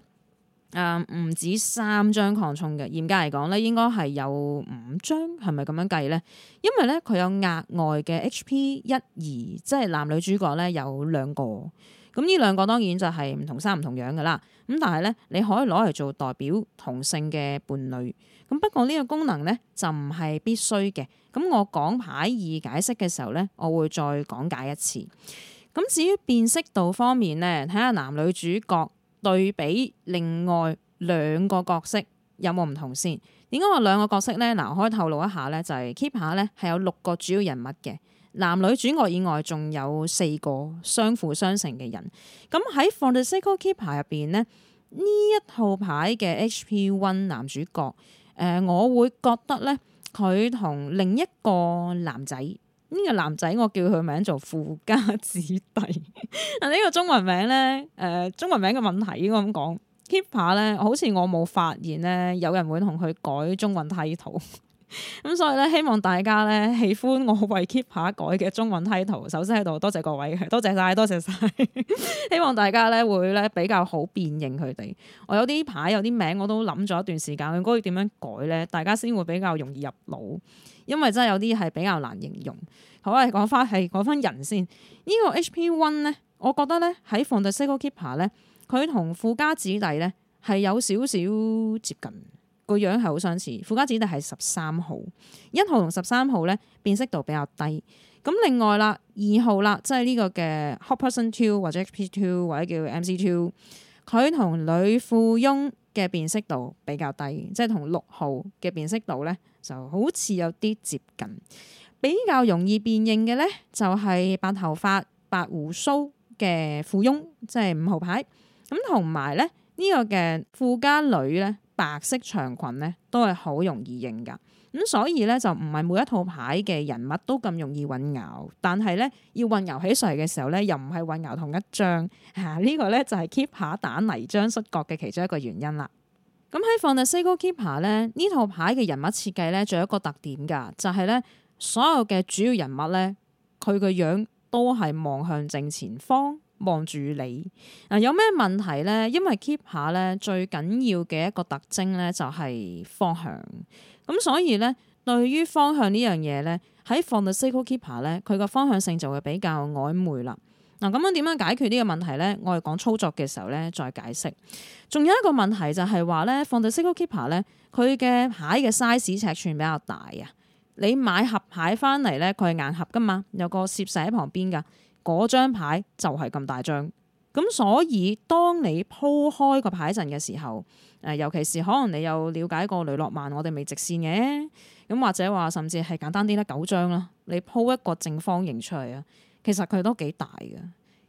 誒唔止三張擴充嘅，嚴格嚟講咧應該係有五張，係咪咁樣計咧？因為咧佢有額外嘅 HP 一二，即係男女主角咧有兩個。咁呢兩個當然就係唔同衫唔同樣嘅啦。咁但係咧，你可以攞嚟做代表同性嘅伴侶。咁不過呢個功能咧就唔係必須嘅。咁我講牌二解釋嘅時候咧，我會再講解一次。咁至於辨識度方面咧，睇下男女主角對比另外兩個角色有冇唔同先。點解話兩個角色咧？嗱，我可以透露一下咧，就係 Keep 下咧係有六個主要人物嘅。男女主角以外，仲有四個相輔相成嘅人。咁喺《Fantastic Keeper》入邊呢，呢一套牌嘅 HP One 男主角，誒，我會覺得咧，佢同另一個男仔，呢、呢個男仔，我叫佢名做富家子弟。啊，呢個中文名咧，誒、呃，中文名嘅問題應該咁講，Keeper 咧，Keep er, 好似我冇發現咧，有人會同佢改中文替圖。咁所以咧，希望大家咧喜歡我為 Keep 下、er、改嘅中文 title。首先喺度多謝各位，多謝晒，多謝晒。 希望大家咧會咧比較好辨認佢哋。我有啲牌有啲名，我都諗咗一段時間，應該點樣改咧？大家先會比較容易入腦，因為真係有啲係比較難形容。好，我講翻係講翻人先。這個、呢個 H.P. One 咧，我覺得咧喺《現代西 p 記》下咧，佢同富家子弟咧係有少少接近。個樣係好相似，富家子弟係十三號，一號同十三號咧辨識度比較低。咁另外啦，二號啦，即係呢個嘅 Hot Person two 或者 HP two 或者叫 MC two，佢同女富翁嘅辨識度比較低，即係同六號嘅辨識度咧就好似有啲接近，比較容易辨認嘅咧就係、是、白頭髮白鬍鬚嘅富翁，即係五號牌。咁同埋咧呢、這個嘅富家女咧。白色長裙咧都係好容易認噶，咁所以咧就唔係每一套牌嘅人物都咁容易混淆，但係咧要混淆起上嚟嘅時候咧又唔係混淆同一張，嚇、啊、呢、呢個咧就係 keep 下打泥漿摔角嘅其中一個原因啦。咁、嗯、喺《Fantastic Keeper》咧呢套牌嘅人物設計咧仲有一個特點㗎，就係、是、咧所有嘅主要人物咧佢個樣都係望向正前方。望住你啊！有咩問題咧？因為 keeper 咧最緊要嘅一個特徵咧就係、是、方向，咁、啊、所以咧對於方向呢樣嘢咧，喺 foundation keeper 咧，佢個方向性就會比較曖昧啦。嗱、啊，咁樣點樣解決呢個問題咧？我哋講操作嘅時候咧再解釋。仲有一個問題就係話咧 foundation keeper 咧，佢嘅牌嘅 size 尺寸比較大啊！你買盒牌翻嚟咧，佢係硬盒噶嘛，有個蝕石喺旁邊噶。嗰張牌就係咁大張，咁所以當你鋪開個牌陣嘅時候，誒尤其是可能你有了解過雷諾曼，我哋未直線嘅，咁或者話甚至係簡單啲咧九張啦，你鋪一個正方形出嚟啊，其實佢都幾大嘅，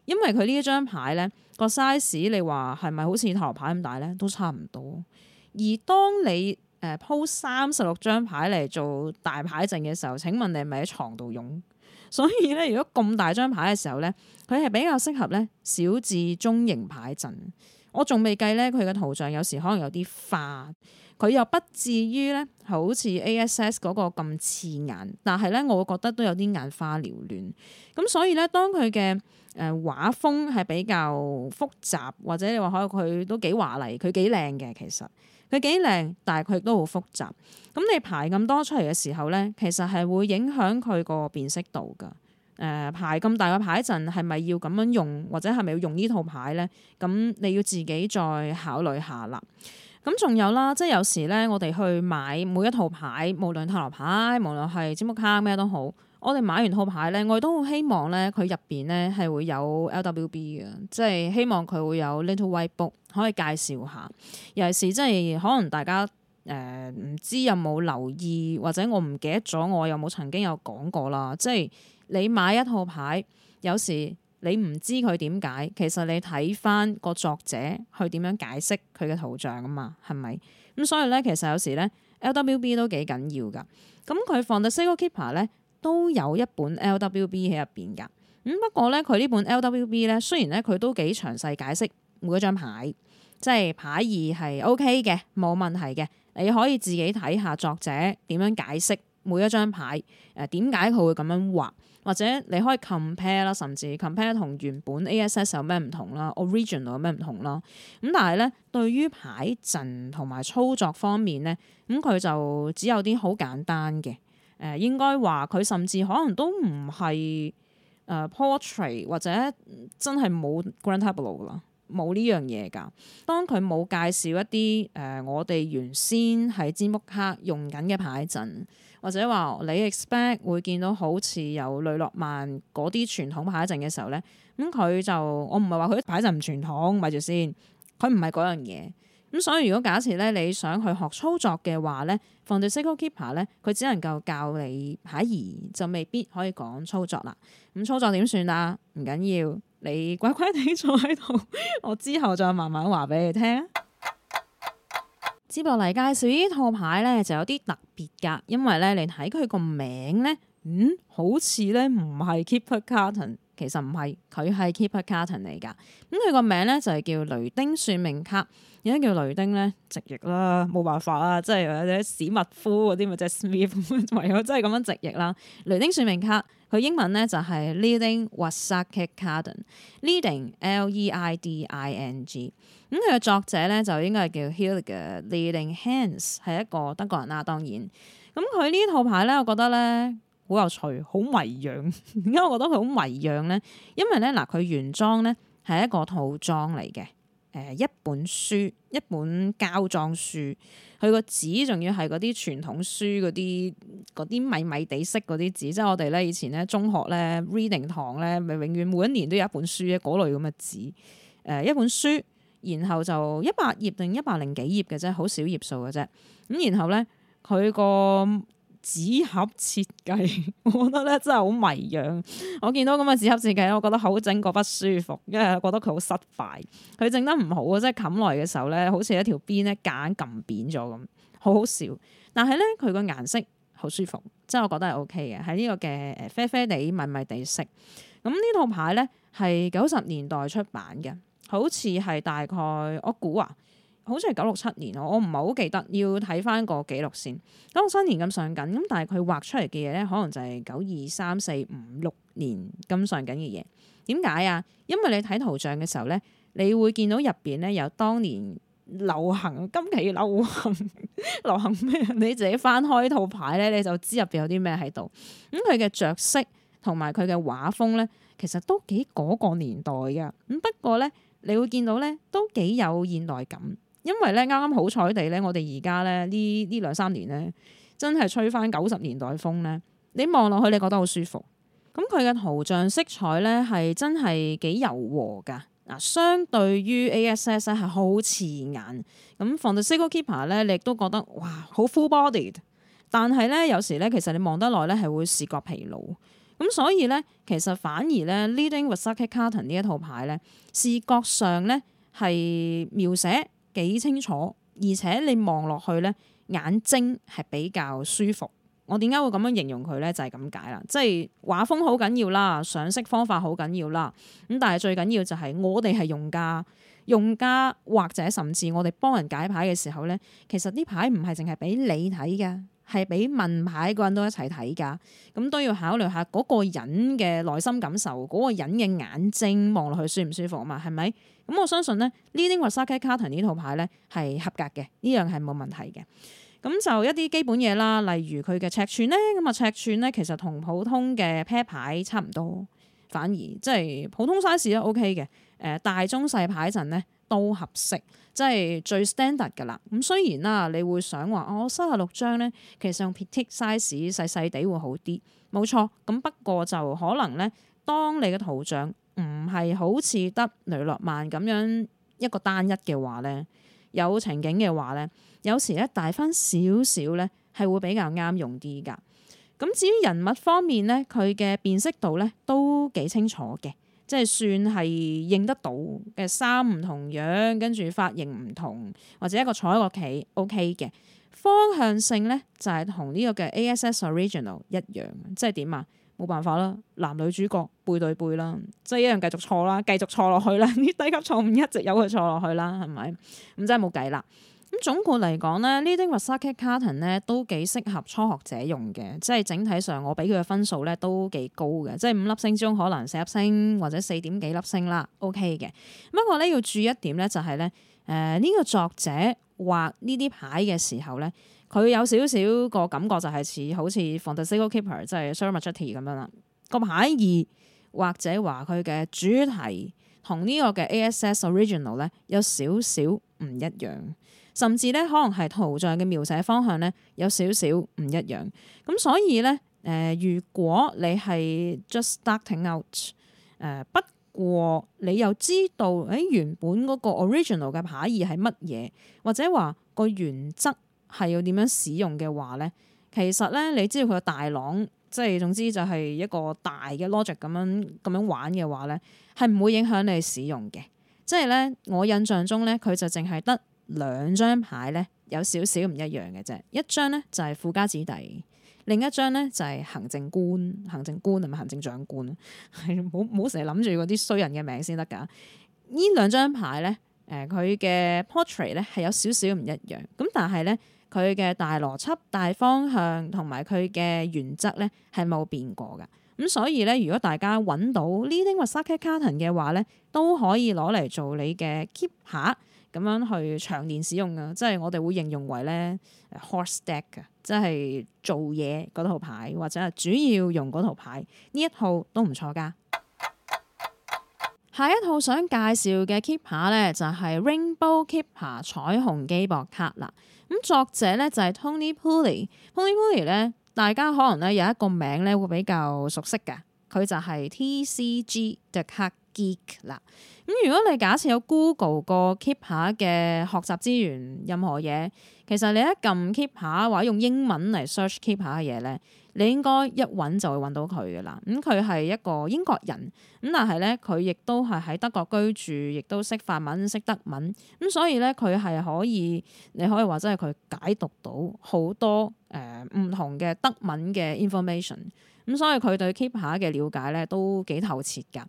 因為佢呢一張牌呢個 size，你話係咪好似塔羅牌咁大呢？都差唔多。而當你誒鋪三十六張牌嚟做大牌陣嘅時候，請問你係咪喺床度用？所以咧，如果咁大張牌嘅時候咧，佢係比較適合咧小至中型牌陣。我仲未計咧佢嘅圖像，有時可能有啲花，佢又不至於咧好似 A.S.S 嗰個咁刺眼。但係咧，我覺得都有啲眼花繚亂。咁所以咧，當佢嘅誒畫風係比較複雜，或者你話可能佢都幾華麗，佢幾靚嘅其實。佢幾靚，但係佢亦都好複雜。咁你排咁多出嚟嘅時候咧，其實係會影響佢個辨識度噶。誒、呃，排咁大個牌陣係咪要咁樣用，或者係咪要用呢套牌咧？咁你要自己再考慮下啦。咁仲有啦，即係有時咧，我哋去買每一套牌，無論塔羅牌，無論係占卜卡咩都好。我哋買完套牌咧，我哋都好希望咧，佢入邊咧係會有 LWB 嘅，即係希望佢會有 little white book 可以介紹下。尤其係即係可能大家誒唔、呃、知有冇留意，或者我唔記得咗，我又冇曾經有講過啦。即係你買一套牌，有時你唔知佢點解，其實你睇翻個作者去點樣解釋佢嘅圖像啊嘛，係咪咁？所以咧，其實有時咧 LWB 都幾緊要噶。咁佢防敵 secret keeper 咧。都有一本 LWB 喺入邊㗎，咁、嗯、不過咧，佢呢本 LWB 咧，雖然咧佢都幾詳細解釋每一張牌，即係牌意係 OK 嘅，冇問題嘅，你可以自己睇下作者點樣解釋每一張牌，誒點解佢會咁樣畫，或者你可以 compare 啦，甚至 compare 同原本 ASS 有咩唔同啦，original 有咩唔同啦，咁但係咧，對於牌陣同埋操作方面咧，咁、嗯、佢就只有啲好簡單嘅。誒應該話佢甚至可能都唔係誒、呃、portrait 或者真係冇 grand tableau 啦，冇呢樣嘢㗎。當佢冇介紹一啲誒、呃、我哋原先喺占卜咭用緊嘅牌陣，或者話你 expect 會見到好似有雷諾曼嗰啲傳統牌陣嘅時候咧，咁佢就我唔係話佢啲牌陣唔傳統，咪住先，佢唔係嗰樣嘢。咁所以如果假設咧你想去學操作嘅話咧，放跌 Signal Keeper 咧，佢只能夠教你牌兒，就未必可以講操作啦。咁操作點算啊？唔緊要，你乖乖哋坐喺度，我之後再慢慢話俾你聽。接落嚟介紹呢套牌咧，就有啲特別㗎，因為咧你睇佢個名咧，嗯，好似咧唔係 Keeper Carton。其實唔係，佢係 Keeper Carton 嚟㗎。咁佢個名咧就係叫雷丁算命卡。而家叫雷丁咧直譯啦，冇辦法啦，即係史密夫嗰啲咪即係 Smith，唔 係真即係咁樣直譯啦。雷丁算命卡，佢英文咧就係 Leading Waskett Cardon Leading L-E-I-D-I-N-G。咁佢嘅作者咧就應該係叫 Hiliger Leading Hands，d 係一個德國人啦。當然，咁佢呢套牌咧，我覺得咧。好有趣，好迷樣，點解我覺得佢好迷樣呢？因為呢，嗱，佢原裝呢係一個套裝嚟嘅，誒一本書，一本膠裝書，佢個紙仲要係嗰啲傳統書嗰啲嗰啲米米地式嗰啲紙，即係我哋呢，以前呢，中學呢 reading 堂呢，咪永遠每一年都有一本書咧嗰類咁嘅紙，誒一本書，然後就一百頁定一百零幾頁嘅啫，好少頁數嘅啫，咁然後呢，佢個紙盒， 盒設計，我覺得咧真係好迷樣。我見到咁嘅紙盒設計，我覺得好整個不舒服，因為覺得佢好失敗。佢整得唔好啊，即係冚耐嘅時候咧，好似一條邊咧夾硬撳扁咗咁，好好笑。但係咧，佢個顏色好舒服，即係我覺得係 OK 嘅，喺呢個嘅啡啡地、米米地色。咁呢套牌咧係九十年代出版嘅，好似係大概我估啊。好似係九六七年咯，我唔係好記得要睇翻個記錄先。九六七年咁上緊咁，但係佢畫出嚟嘅嘢咧，可能就係九二三四五六年咁上緊嘅嘢。點解啊？因為你睇圖像嘅時候咧，你會見到入邊咧有當年流行今期流行流行咩？你自己翻開套牌咧，你就知入邊有啲咩喺度。咁佢嘅着色同埋佢嘅畫風咧，其實都幾嗰個年代嘅。咁不過咧，你會見到咧都幾有現代感。因為咧，啱啱好彩地咧，我哋而家咧呢呢兩三年咧，真係吹翻九十年代風咧。你望落去，你覺得好舒服。咁佢嘅圖像色彩咧係真係幾柔和噶嗱，相對於 A.S.S 咧係好刺眼。咁《房地 secret keeper》咧，你亦都覺得哇，好 full body。但係咧，有時咧，其實你望得耐咧係會視覺疲勞。咁所以咧，其實反而咧，《Leading Wasaki Cartoon》呢一套牌咧，視覺上咧係描寫幾清楚，而且你望落去咧，眼睛係比較舒服。我點解會咁樣形容佢咧？就係咁解啦，即係畫風好緊要啦，上色方法好緊要啦。咁但係最緊要就係我哋係用家，用家或者甚至我哋幫人解牌嘅時候咧，其實啲牌唔係淨係俾你睇㗎。係俾問牌個人都一齊睇㗎，咁都要考慮下嗰個人嘅內心感受，嗰、那個人嘅眼睛望落去舒唔舒服啊嘛？係咪？咁我相信咧，Leading 和 Saki 卡廷呢套牌咧係合格嘅，呢樣係冇問題嘅。咁就一啲基本嘢啦，例如佢嘅尺寸咧，咁啊尺寸咧其實同普通嘅 pair 牌差唔多，反而即係普通 size 都 OK 嘅。誒大中細牌陣咧，都合適，即係最 standard 嘅啦。咁雖然啦、啊，你會想話我三十六張咧，其實用 petite size 細細地會好啲，冇錯。咁不過就可能咧，當你嘅圖像唔係好似得雷諾曼咁樣一個單一嘅話咧，有情景嘅話咧，有時咧大翻少少咧，係會比較啱用啲噶。咁至於人物方面咧，佢嘅辨識度咧都幾清楚嘅。即係算係認得到嘅，衫唔同樣，跟住髮型唔同，或者一個坐一個企，OK 嘅。方向性咧就係同呢個嘅 ASS original 一樣，即係點啊？冇辦法啦，男女主角背對背啦，即係一樣繼續錯啦，繼續錯落去啦，啲 低級錯誤一直有佢錯落去啦，係咪？咁真係冇計啦。咁總括嚟講咧，呢啲 Wassaki 卡廷咧都幾適合初學者用嘅，即係整體上我俾佢嘅分數咧都幾高嘅，即係五粒星中可能四粒星或者四點幾粒星啦，OK 嘅。不過咧要注意一點咧、就是，就係咧誒呢個作者畫呢啲牌嘅時候咧，佢有少少個感覺就係似好似 Fantasy Keeper 即係 s u m a j u、er、t y 咁樣啦，個牌意或者話佢嘅主題同呢個嘅 A.S.S. Original 咧有少少唔一樣。甚至咧，可能係圖像嘅描寫方向咧，有少少唔一樣咁，所以咧，誒，如果你係 just starting out，誒，不過你又知道喺原本嗰個 original 嘅牌意係乜嘢，或者話個原則係要點樣使用嘅話咧，其實咧，你知道佢個大朗即係總之就係一個大嘅 logic 咁樣咁樣玩嘅話咧，係唔會影響你使用嘅。即係咧，我印象中咧，佢就淨係得，兩張牌咧有少少唔一樣嘅啫，一張咧就係、是、富家子弟，另一張咧就係、是、行政官、行政官同埋行政長官，係冇冇成日諗住嗰啲衰人嘅名先得㗎。兩張呢兩張牌咧，誒、呃、佢嘅 portrait 咧係有少少唔一樣，咁但係咧，佢嘅大邏輯、大方向同埋佢嘅原則咧係冇變過㗎。咁所以咧，如果大家揾到 leading or psychic cartoon 嘅話咧，都可以攞嚟做你嘅 keep 下。咁樣去長年使用嘅，即係我哋會形容為咧 Horse Deck 嘅，即係做嘢嗰套牌或者主要用嗰套牌，呢一套都唔錯噶。下一套想介紹嘅 Keeper 咧就係、是、Rainbow Keeper 彩虹機博卡啦。咁作者咧就係 Tony Pooley Tony Pooley 咧，大家可能咧有一個名咧會比較熟悉嘅，佢就係 TCG 嘅黑 geek 啦。咁如果你假設有 Google 過 Keep 下嘅學習資源，任何嘢，其實你一撳 Keep 下，或者用英文嚟 search Keep 下嘅嘢咧，你應該一揾就會揾到佢噶啦。咁佢係一個英國人，咁但係咧佢亦都係喺德國居住，亦都識法文、識德文，咁所以咧佢係可以，你可以話真係佢解讀到好多誒唔、呃、同嘅德文嘅 information，咁、嗯、所以佢對 Keep 下嘅了解咧都幾透徹㗎。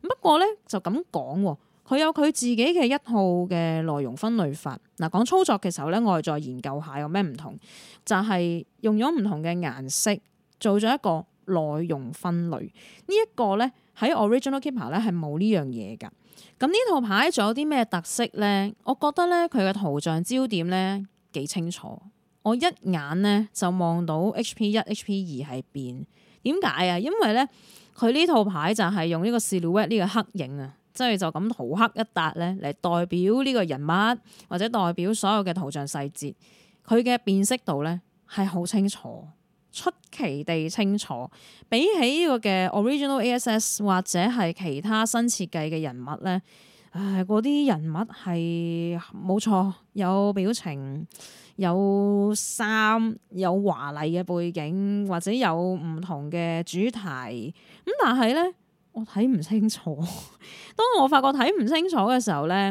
不過咧就咁講，佢有佢自己嘅一號嘅內容分類法。嗱，講操作嘅時候咧，我哋再研究下有咩唔同，就係、是、用咗唔同嘅顏色做咗一個內容分類。這個、呢一、er、個咧喺 Original Keeper 咧係冇呢樣嘢噶。咁呢套牌仲有啲咩特色咧？我覺得咧佢嘅圖像焦點咧幾清楚，我一眼咧就望到 1, HP 一、HP 二喺邊。點解啊？因為咧。佢呢套牌就係用呢個 silhouette 呢個黑影啊，即係就咁、是、塗黑一笪咧，嚟代表呢個人物或者代表所有嘅圖像細節。佢嘅辨識度咧係好清楚，出奇地清楚，比起呢個嘅 original ass 或者係其他新設計嘅人物咧，唉，嗰啲人物係冇錯有表情。有衫有華麗嘅背景，或者有唔同嘅主題，咁但係咧，我睇唔清楚。 當我發覺睇唔清楚嘅時候咧，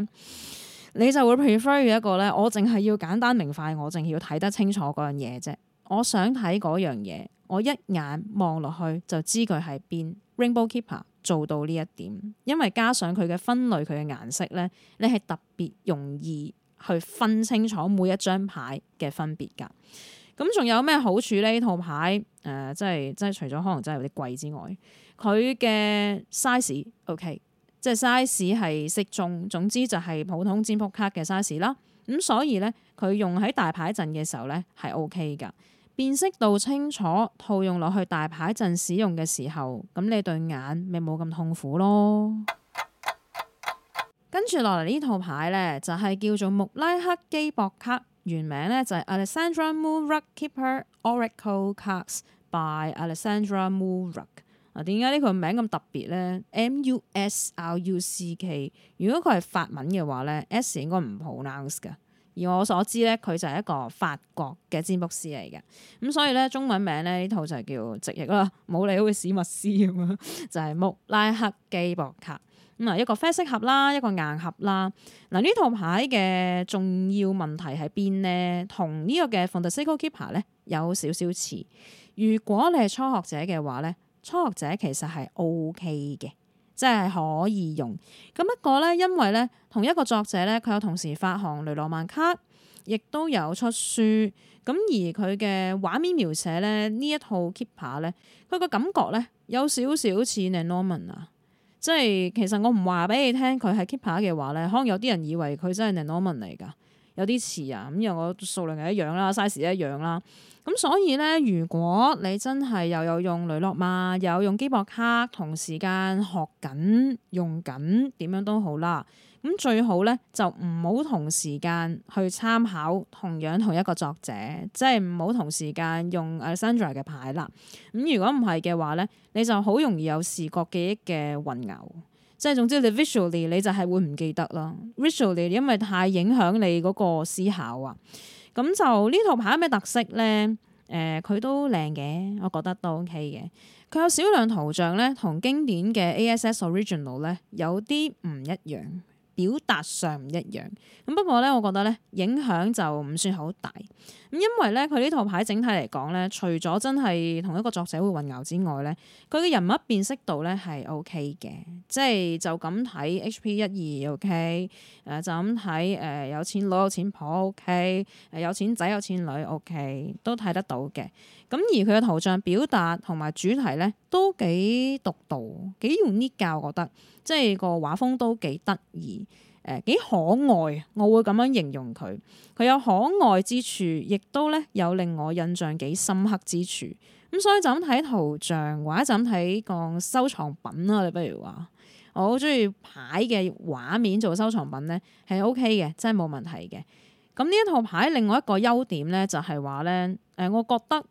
你就會 prefer 一個咧，我淨係要簡單明快，我淨係要睇得清楚嗰樣嘢啫。我想睇嗰樣嘢，我一眼望落去就知佢喺邊。Rainbow Keeper 做到呢一點，因為加上佢嘅分類，佢嘅顏色咧，你係特別容易。去分清楚每一張牌嘅分別㗎。咁仲有咩好處呢？套牌誒，即係即係除咗可能真係有啲貴之外，佢嘅 size OK，即係 size 係適中。總之就係普通占卜卡嘅 size 啦。咁、嗯、所以咧，佢用喺大牌陣嘅時候咧係 OK 㗎，辨識度清楚。套用落去大牌陣使用嘅時候，咁你對眼咪冇咁痛苦咯。跟住落嚟呢套牌咧，就係、是、叫做穆拉克基博卡，原名咧就係、是、Alexandra Musruck Keeper Oracle Cards by Alexandra Musruck。嗱，點解呢個名咁特別咧？M U S R U C K。如果佢係法文嘅話咧，S 應該唔好 nounce 噶。而我所知咧，佢就係一個法國嘅占卜師嚟嘅。咁、嗯、所以咧，中文名咧呢套就叫直譯啦，冇理好似史密斯咁樣， 就係穆拉克基博卡。咁啊、嗯，一個啡色盒啦，一個硬盒啦。嗱、啊，呢套牌嘅重要問題喺邊咧？同、er、呢個嘅 Fantasy Keeper 咧有少少似。如果你係初學者嘅話咧，初學者其實係 OK 嘅，即係可以用。咁不過咧，因為咧同一個作者咧，佢有同時發行雷諾曼卡，亦都有出書。咁而佢嘅畫面描寫咧，呢一套 Keeper 咧，佢個感覺咧有少少似 Norman 啊。即係其實我唔話俾你聽佢係 Kipper 嘅話咧，可能有啲人以為佢真係 normal 嚟㗎，有啲似啊咁，因為我數量係一樣啦，size 一樣啦，咁所以咧，如果你真係又有用雷諾曼，又有用基博卡，同時間學緊用緊點樣都好啦。咁最好咧，就唔好同時間去參考同樣同一個作者，即係唔好同時間用啊 Sandra 嘅牌啦。咁如果唔係嘅話咧，你就好容易有視覺記憶嘅混淆，即係總之你 visually 你就係會唔記得咯。visually 因為太影響你嗰個思考啊。咁就呢套牌有咩特色咧？誒、呃，佢都靚嘅，我覺得都 OK 嘅。佢有少量圖像咧，同經典嘅 A.S.S. Original 咧有啲唔一樣。表達上唔一樣，咁不過咧，我覺得咧影響就唔算好大，咁因為咧佢呢套牌整體嚟講咧，除咗真係同一個作者會混淆之外咧，佢嘅人物辨識度咧係 O K 嘅，即係就咁睇 H P 一二 O K。誒就咁睇誒有錢佬有錢婆 O K。誒有錢仔有錢女 O K 都睇得到嘅。咁而佢嘅圖像表達同埋主題咧，都幾獨到，幾 unique 㗎，我覺得。即係個畫風都幾得意，誒、呃、幾可愛，我會咁樣形容佢。佢有可愛之處，亦都咧有令我印象幾深刻之處。咁所以就咁睇圖像，或者就咁睇個收藏品啦。你不如話，我好中意牌嘅畫面做收藏品咧，係 OK 嘅，真係冇問題嘅。咁呢一套牌另外一個優點咧，就係話咧，誒，我覺得。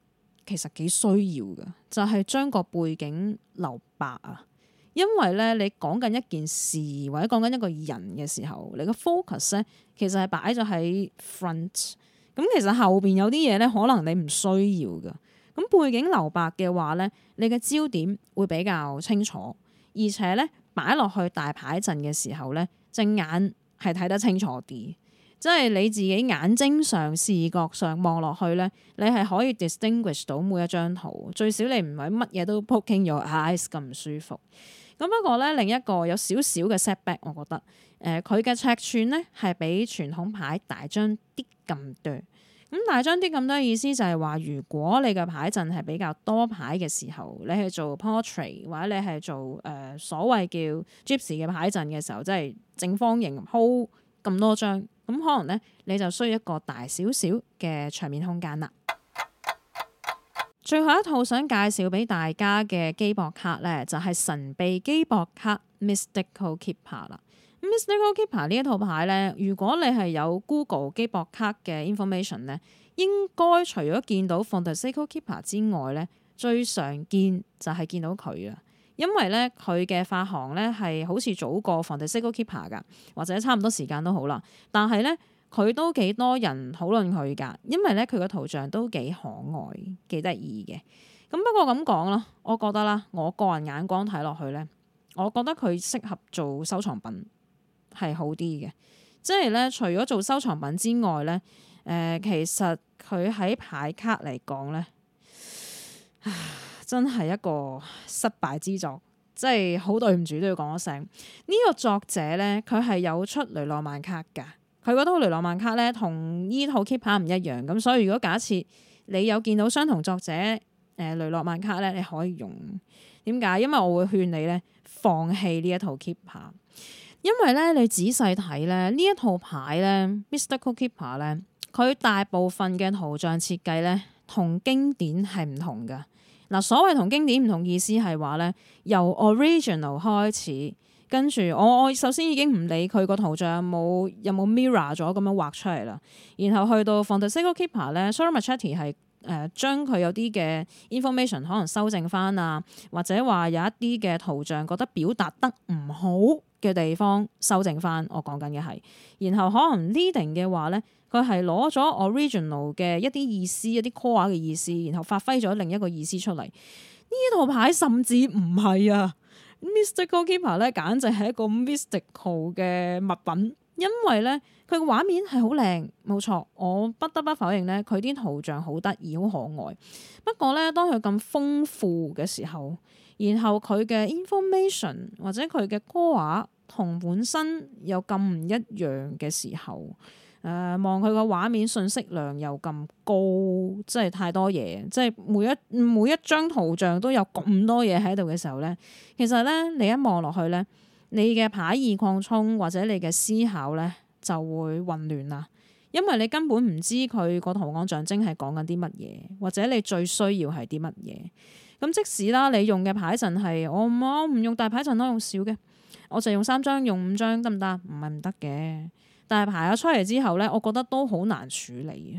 其實幾需要噶，就係、是、將個背景留白啊，因為咧你講緊一件事或者講緊一個人嘅時候，你個 focus 咧其實係擺咗喺 front，咁其實後邊有啲嘢咧可能你唔需要噶，咁背景留白嘅話咧，你嘅焦點會比較清楚，而且咧擺落去大牌陣嘅時候咧，隻眼係睇得清楚啲。即係你自己眼睛上，視覺上望落去咧，你係可以 distinguish 到每一張圖，最少你唔係乜嘢都 poking your eyes 咁唔舒服。咁不過咧，另一個有少少嘅 setback，我覺得誒佢嘅尺寸咧係比傳統牌大張啲咁多。咁大張啲咁多意思就係話，如果你嘅牌陣係比較多牌嘅時候，你係做 portrait 或者你係做誒、呃、所謂叫 gypsy 嘅牌陣嘅時候，即係正方形 hold 咁多張。咁可能咧，你就需要一個大少少嘅場面空間啦。最後一套想介紹俾大家嘅機博卡咧，就係、是、神秘機博卡 Mystical Keeper 啦。Mystical Keeper 呢 Myst Keep、er、一套牌咧，如果你係有 Google 機博卡嘅 information 咧，應該除咗見到放 Fantastic Keeper 之外咧，最常見就係見到佢啊。因為咧，佢嘅發行咧係好似早過房地息高 keeper 噶，或者差唔多時間都好啦。但係咧，佢都幾多人討論佢噶，因為咧佢個圖像都幾可愛、幾得意嘅。咁不過咁講咯，我覺得啦，我個人眼光睇落去咧，我覺得佢適合做收藏品係好啲嘅。即係咧，除咗做收藏品之外咧，誒、呃、其實佢喺牌卡嚟講咧。真係一個失敗之作，即係好對唔住都要講一聲。呢、這個作者呢，佢係有出雷諾曼卡噶。佢嗰套雷諾曼卡呢，同呢套 keeper 唔一樣。咁所以如果假設你有見到相同作者誒、呃、雷諾曼卡呢，你可以用點解？因為我會勸你呢，放棄呢一套 keeper，因為呢，你仔細睇呢，呢一套牌呢，Mr. Cook keeper 呢，佢大部分嘅圖像設計呢，同經典係唔同噶。嗱，所謂同經典唔同意思係話咧，由 original 開始，跟住我我首先已經唔理佢個圖像有冇有冇 mirror 咗咁樣畫出嚟啦，然後去到 foundation keeper 咧，Sora Machetti 係誒將佢有啲嘅 information 可能修正翻啊，或者話有一啲嘅圖像覺得表達得唔好。嘅地方修正翻，我講緊嘅係，然後可能 leading 嘅話呢，佢係攞咗 original 嘅一啲意思、一啲 core 嘅意思，然後發揮咗另一個意思出嚟。呢套牌甚至唔係啊 Mystical Keeper 咧，簡直係一個 mystical 嘅物品，因為呢，佢嘅畫面係好靚，冇錯，我不得不否認呢，佢啲圖像好得意、好可愛。不過呢，當佢咁豐富嘅時候，然後佢嘅 information 或者佢嘅 core 畫同本身有咁唔一樣嘅時候，誒，望佢個畫面信息量又咁高，即係太多嘢，即係每一每一張圖像都有咁多嘢喺度嘅時候咧。其實咧，你一望落去咧，你嘅牌意擴充或者你嘅思考咧就會混亂啦，因為你根本唔知佢個圖案象徵係講緊啲乜嘢，或者你最需要係啲乜嘢。咁即使啦，你用嘅牌陣係我唔我唔用大牌陣咯，用小嘅。我就用三張，用五張得唔得？唔係唔得嘅，但係排咗出嚟之後咧，我覺得都好難處理啊！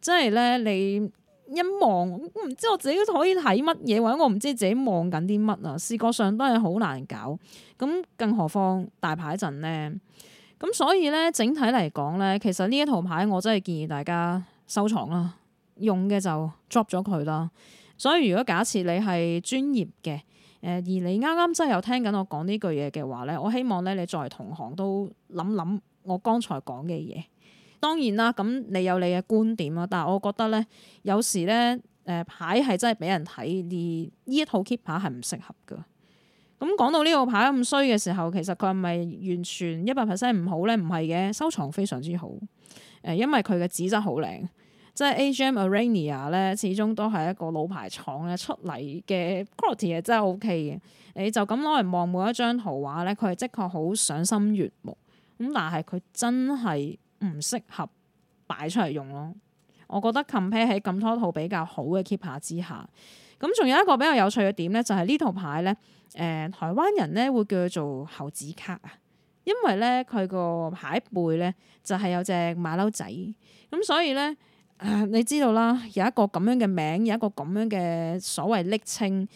即係咧，你一望唔知我自己可以睇乜嘢，或者我唔知自己望緊啲乜啊，視覺上都係好難搞。咁更何況大牌陣咧，咁所以咧，整體嚟講咧，其實呢一套牌我真係建議大家收藏啦，用嘅就 drop 咗佢啦。所以如果假設你係專業嘅，誒而你啱啱真係有聽緊我講呢句嘢嘅話咧，我希望咧你作為同行都諗諗我剛才講嘅嘢。當然啦，咁你有你嘅觀點啦，但係我覺得咧，有時咧，誒牌係真係俾人睇，而呢一套 k e e p 牌 r 係唔適合嘅。咁講到呢個牌咁衰嘅時候，其實佢係咪完全一百 percent 唔好咧？唔係嘅，收藏非常之好，誒，因為佢嘅紙質好靚。即係 AGM Arena 咧，始終都係一個老牌廠咧，出嚟嘅 quality 真係 OK 嘅。你就咁攞嚟望每一張圖畫咧，佢係的確好賞心悦目。咁但係佢真係唔適合擺出嚟用咯。我覺得 compare 喺咁多套比較好嘅 keep 下之下，咁仲有一個比較有趣嘅點咧，就係呢套牌咧，誒、呃、台灣人咧會叫佢做猴子卡啊，因為咧佢個牌背咧就係有隻馬騮仔，咁所以咧。你知道啦，有一個咁樣嘅名，有一個咁樣嘅所謂昵稱，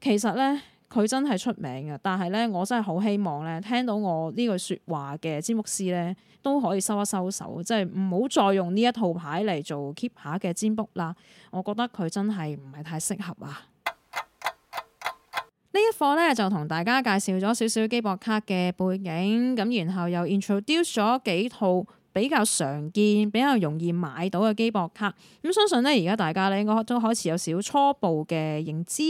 其實呢，佢真係出名嘅。但係呢，我真係好希望呢，聽到我呢句説話嘅占卜師呢，都可以收一收手，即係唔好再用呢一套牌嚟做 keep 下嘅占卜啦。我覺得佢真係唔係太適合啊。呢一課呢，就同大家介紹咗少少基博卡嘅背景，咁然後又 introduce 咗幾套。比較常見、比較容易買到嘅機博卡，咁相信咧，而家大家咧應該都開始有少少初步嘅認知，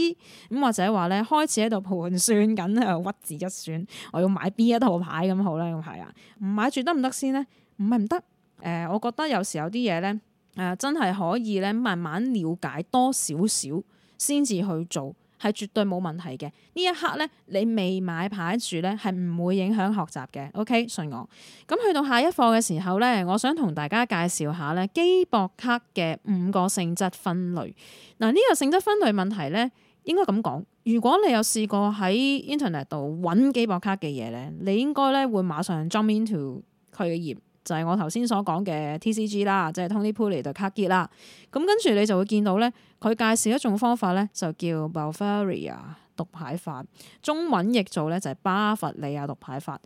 咁或者話咧開始喺度盤算緊，屈指一算，我要買邊一套牌咁好咧？咁係啊，唔買住得唔得先咧？唔係唔得，誒、呃，我覺得有時有啲嘢咧，誒、呃、真係可以咧慢慢了解多少少，先至去做。係絕對冇問題嘅。呢一刻咧，你未買牌住咧，係唔會影響學習嘅。OK，信我。咁去到下一課嘅時候咧，我想同大家介紹下咧機博卡嘅五個性質分類。嗱，呢個性質分類問題咧，應該咁講。如果你有試過喺 internet 度搵機博卡嘅嘢咧，你應該咧會馬上 jump into 佢嘅頁。就係我頭先所講嘅 TCG 啦，即係通啲鋪嚟對卡結啦。咁跟住你就會見到咧，佢介紹一種方法咧，就叫 Bavaria 讀牌法。中文譯做咧就係巴伐利亞讀牌法。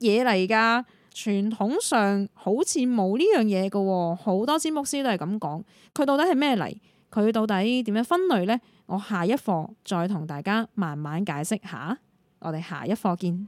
乜嘢嚟噶？傳統上好似冇呢樣嘢噶，好多占卜師都係咁講。佢到底係咩嚟？佢到底點樣分類咧？我下一課再同大家慢慢解釋下。我哋下一課見。